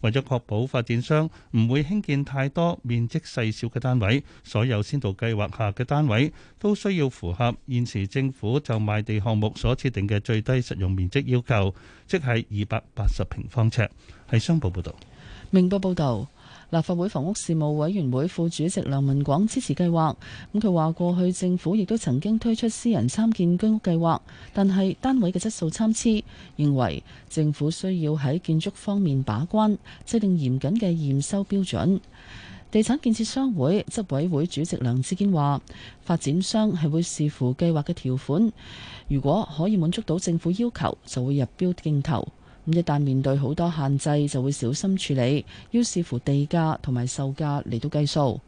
為咗確保發展商唔會興建太多面積細小嘅單位，所有先導計劃下嘅單位都需要符合現時政府就賣地項目所設定嘅最低實用面積要求，即係二百八十平方尺。係商報報道，明報報道。立法會房屋事務委員會副主席梁文廣支持計劃，咁佢話過去政府亦都曾經推出私人參建居屋計劃，但係單位嘅質素參差，認為政府需要喺建築方面把關，制定嚴謹嘅驗收標準。地產建設商會執委會主席梁志堅話，發展商係會視乎計劃嘅條款，如果可以滿足到政府要求，就會入標競投。咁一旦面對好多限制，就會小心處理，要視乎地價同埋售價嚟到計數。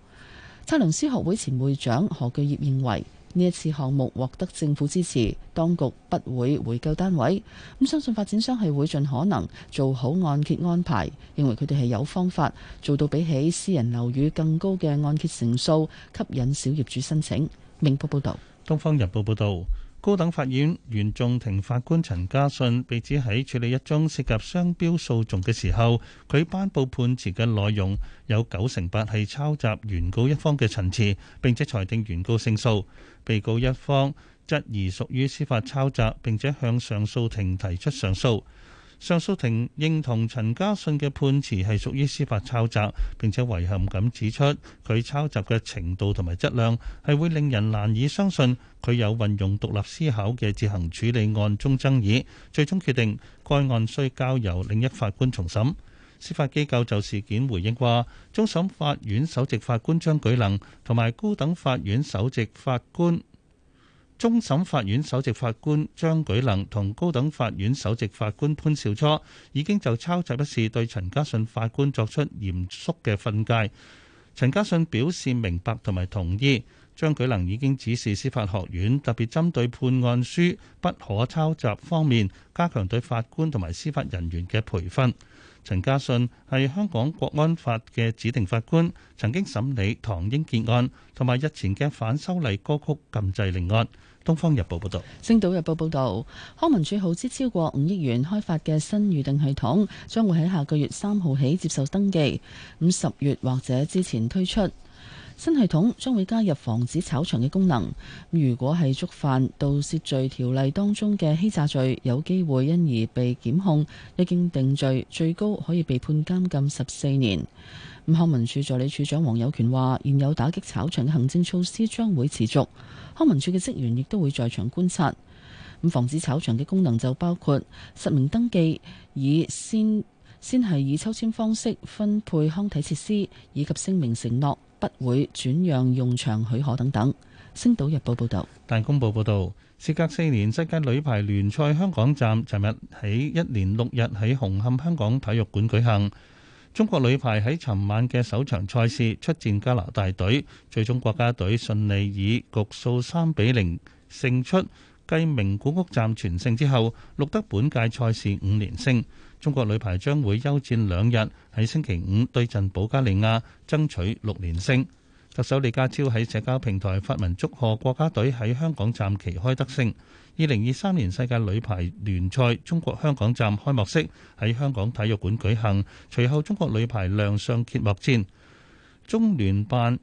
測量師學會前會長何巨業認為，呢一次項目獲得政府支持，當局不會回購單位。咁、嗯、相信發展商係會盡可能做好按揭安排，認為佢哋係有方法做到比起私人樓宇更高嘅按揭成數，吸引小業主申請。明報報道：《東方日報》報道。高等法院原訟庭法官陳家信被指喺處理一宗涉及商標訴訟嘅時候，佢頒布判詞嘅內容有九成八係抄襲原告一方嘅陳詞，並且裁定原告勝訴。被告一方質疑屬於司法抄襲，並且向上訴庭提出上訴。上訴庭認同陳家信嘅判詞係屬於司法抄襲，並且遺憾咁指出佢抄襲嘅程度同埋質量係會令人難以相信佢有運用獨立思考嘅自行處理案中爭議，最終決定該案需交由另一法官重審。司法機構就事件回應話，終審法院首席法官張舉能同埋高等法院首席法官。終審法院首席法官張舉能同高等法院首席法官潘少初已經就抄襲一事對陳家信法官作出嚴肅嘅訓戒。陳家信表示明白同埋同意。張舉能已經指示司法學院特別針對判案書不可抄襲方面加強對法官同埋司法人員嘅培訓。陳家信係香港國安法嘅指定法官，曾經審理唐英傑案，同埋日前嘅反修例歌曲禁制令案。東方日報報道，星島日報，日報報道，康文署耗資超過五億元開發嘅新預訂系統，將會喺下個月三號起接受登記，咁十月或者之前推出。新系統將會加入防止炒場嘅功能。如果係觸犯《盜竊罪罪條例》當中嘅欺詐罪，有機會因而被檢控，一經定罪，最高可以被判監禁十四年。咁康文署助理署長黃有權話：現有打擊炒場嘅行政措施將會持續，康文署嘅職員亦都會在場觀察。咁防止炒場嘅功能就包括實名登記，以先先係以抽籤方式分配康體設施，以及聲明承諾。不會轉讓用場許可等等。星島日報報道，大公報報道，事隔四年世界女排聯賽香港站，尋日喺一連六日喺紅磡香港體育館舉行。中國女排喺尋晚嘅首場賽事出戰加拿大隊，最終國家隊順利以局數三比零勝出，繼名古屋站全勝之後，錄得本屆賽事五連勝。中國女排將會休戰兩日，喺星期五對陣保加利亞，爭取六連勝。特首李家超喺社交平台發文祝賀國家隊喺香港站旗開得勝。二零二三年世界女排聯賽中國香港站開幕式喺香港體育館舉行，隨後中國女排亮相揭幕戰。中聯辦。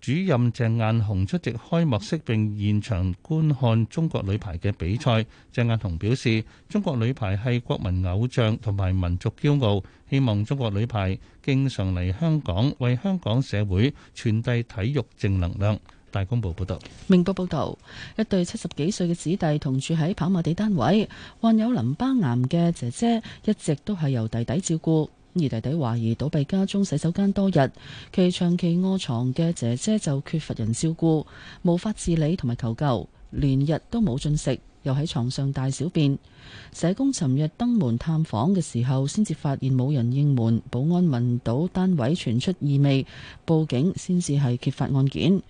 主任鄭雁雄出席開幕式並現場觀看中國女排嘅比賽。鄭雁雄表示，中國女排係國民偶像同埋民族驕傲，希望中國女排經常嚟香港，為香港社會傳遞體育正能量。大公報報道，明報報道，一對七十幾歲嘅姊弟同住喺跑馬地單位，患有淋巴癌嘅姐姐一直都係由弟弟照顧。而弟弟懷疑躲避家中洗手間多日，其長期臥床嘅姐姐就缺乏人照顧，無法自理同埋求救，連日都冇進食。又喺床上大小便，社工尋日登門探訪嘅時候，先至發現冇人應門。保安聞到單位傳出異味，報警先至係揭發案件。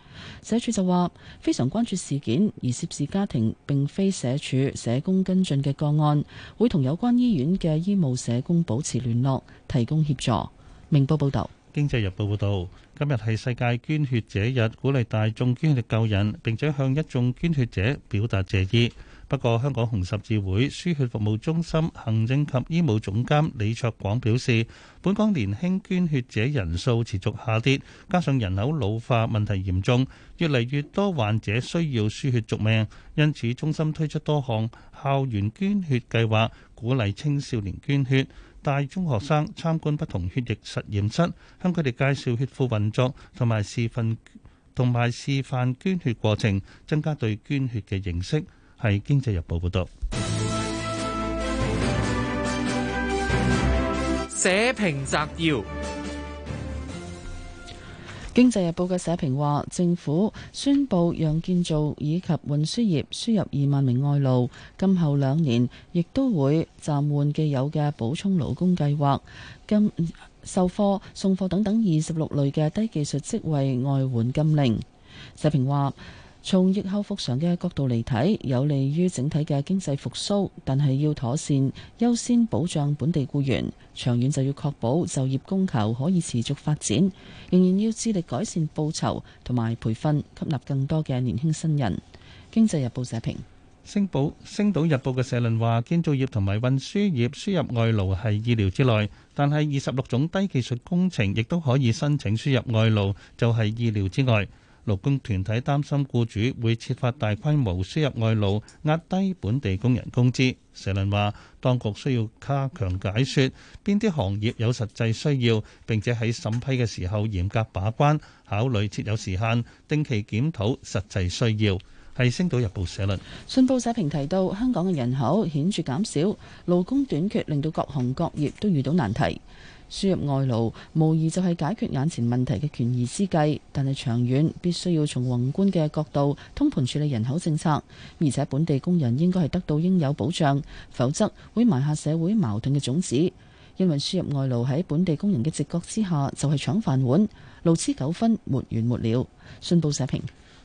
社署就話非常關注事件，而涉事家庭並非社署社工跟進嘅個案，會同有關醫院嘅醫務社工保持聯絡，提供協助。明報報道，經濟日報報道，今日係世界捐血者日，鼓勵大眾捐血救人，並且向一眾捐血者表達謝意。不過，香港紅十字會輸血服務中心行政及醫務總監李卓廣表示，本港年輕捐血者人數持續下跌，加上人口老化問題嚴重，越嚟越多患者需要輸血續命，因此中心推出多項校園捐血計劃，鼓勵青少年捐血。大中學生參觀不同血液實驗室，向佢哋介紹血庫運作，同埋示範同埋示範捐血過程，增加對捐血嘅認識。係《經濟日報》報道，社評摘要。《經濟日報》嘅社評話，政府宣佈讓建造以及運輸業輸入二萬名外勞，今後兩年亦都會暫緩既有嘅補充勞工計劃，今售貨、送貨等等二十六類嘅低技術職位外援禁令。社評話。從疫後復常嘅角度嚟睇，有利於整體嘅經濟復甦，但係要妥善，優先保障本地雇員，長遠就要確保就業供求可以持續發展，仍然要致力改善報酬同埋培訓，吸納更多嘅年輕新人。經濟日報社評：星保星島日報嘅社論話，建造業同埋運輸業輸入外勞係意料之內，但係二十六種低技術工程亦都可以申請輸入外勞，就係意料之外。勞工團體擔心僱主會設法大規模輸入外勞，壓低本地工人工資。社論話，當局需要加強解說邊啲行業有實際需要，並且喺審批嘅時候嚴格把關，考慮設有時限，定期檢討實際需要。係《星島日報》社論。信報社評提到，香港嘅人口顯著減少，勞工短缺令到各行各業都遇到難題。輸入外勞無疑就係解決眼前問題嘅權宜之計，但係長遠必須要從宏觀嘅角度通盤處理人口政策，而且本地工人應該係得到應有保障，否則會埋下社會矛盾嘅種子。因為輸入外勞喺本地工人嘅直覺之下就係搶飯碗，勞資糾紛沒完沒了。信報社評。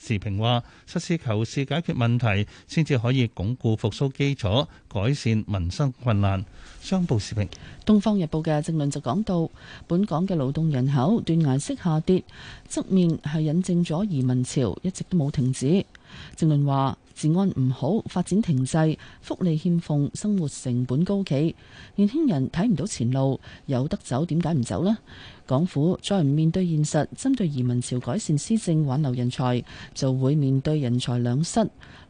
時評話：實事求是解決問題，先至可以鞏固復甦基礎，改善民生困難。商報時評，《東方日報》嘅政論就講到，本港嘅勞動人口斷崖式下跌，側面係引證咗移民潮一直都冇停止。政論話，治安唔好，發展停滯，福利欠奉，生活成本高企，年輕人睇唔到前路，有得走點解唔走呢？港府再唔面對現實，針對移民潮改善施政挽留人才，就會面對人才兩失、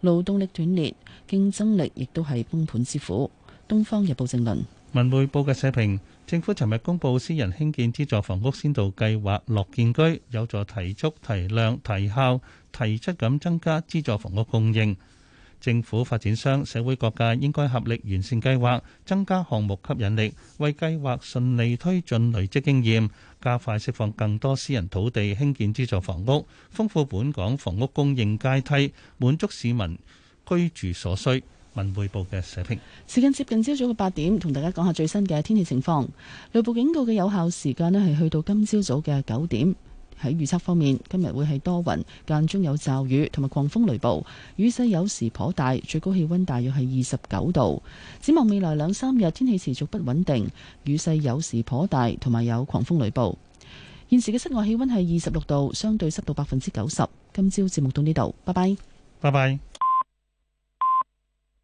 勞動力斷裂、競爭力亦都係崩盤之苦。《東方日報》正論，《文匯報》嘅社評。政府尋日公布私人興建資助房屋先導計劃「樂建居」，有助提速、提量、提效、提質，咁增加資助房屋供應。政府、發展商、社會各界應該合力完善計劃，增加項目吸引力，為計劃順利推進累積經驗，加快釋放更多私人土地興建資助房屋，豐富本港房屋供應階梯，滿足市民居住所需。文匯報嘅社評，時間接近朝早嘅八點，同大家講下最新嘅天氣情況。雷暴警告嘅有效時間呢係去到今朝早嘅九點。喺預測方面，今日會係多雲，間中有驟雨同埋狂風雷暴，雨勢有時頗大，最高氣溫大約係二十九度。展望未來兩三日，天氣持續不穩定，雨勢有時頗大，同埋有狂風雷暴。現時嘅室外氣溫係二十六度，相對濕度百分之九十。今朝節目到呢度，拜拜，拜拜。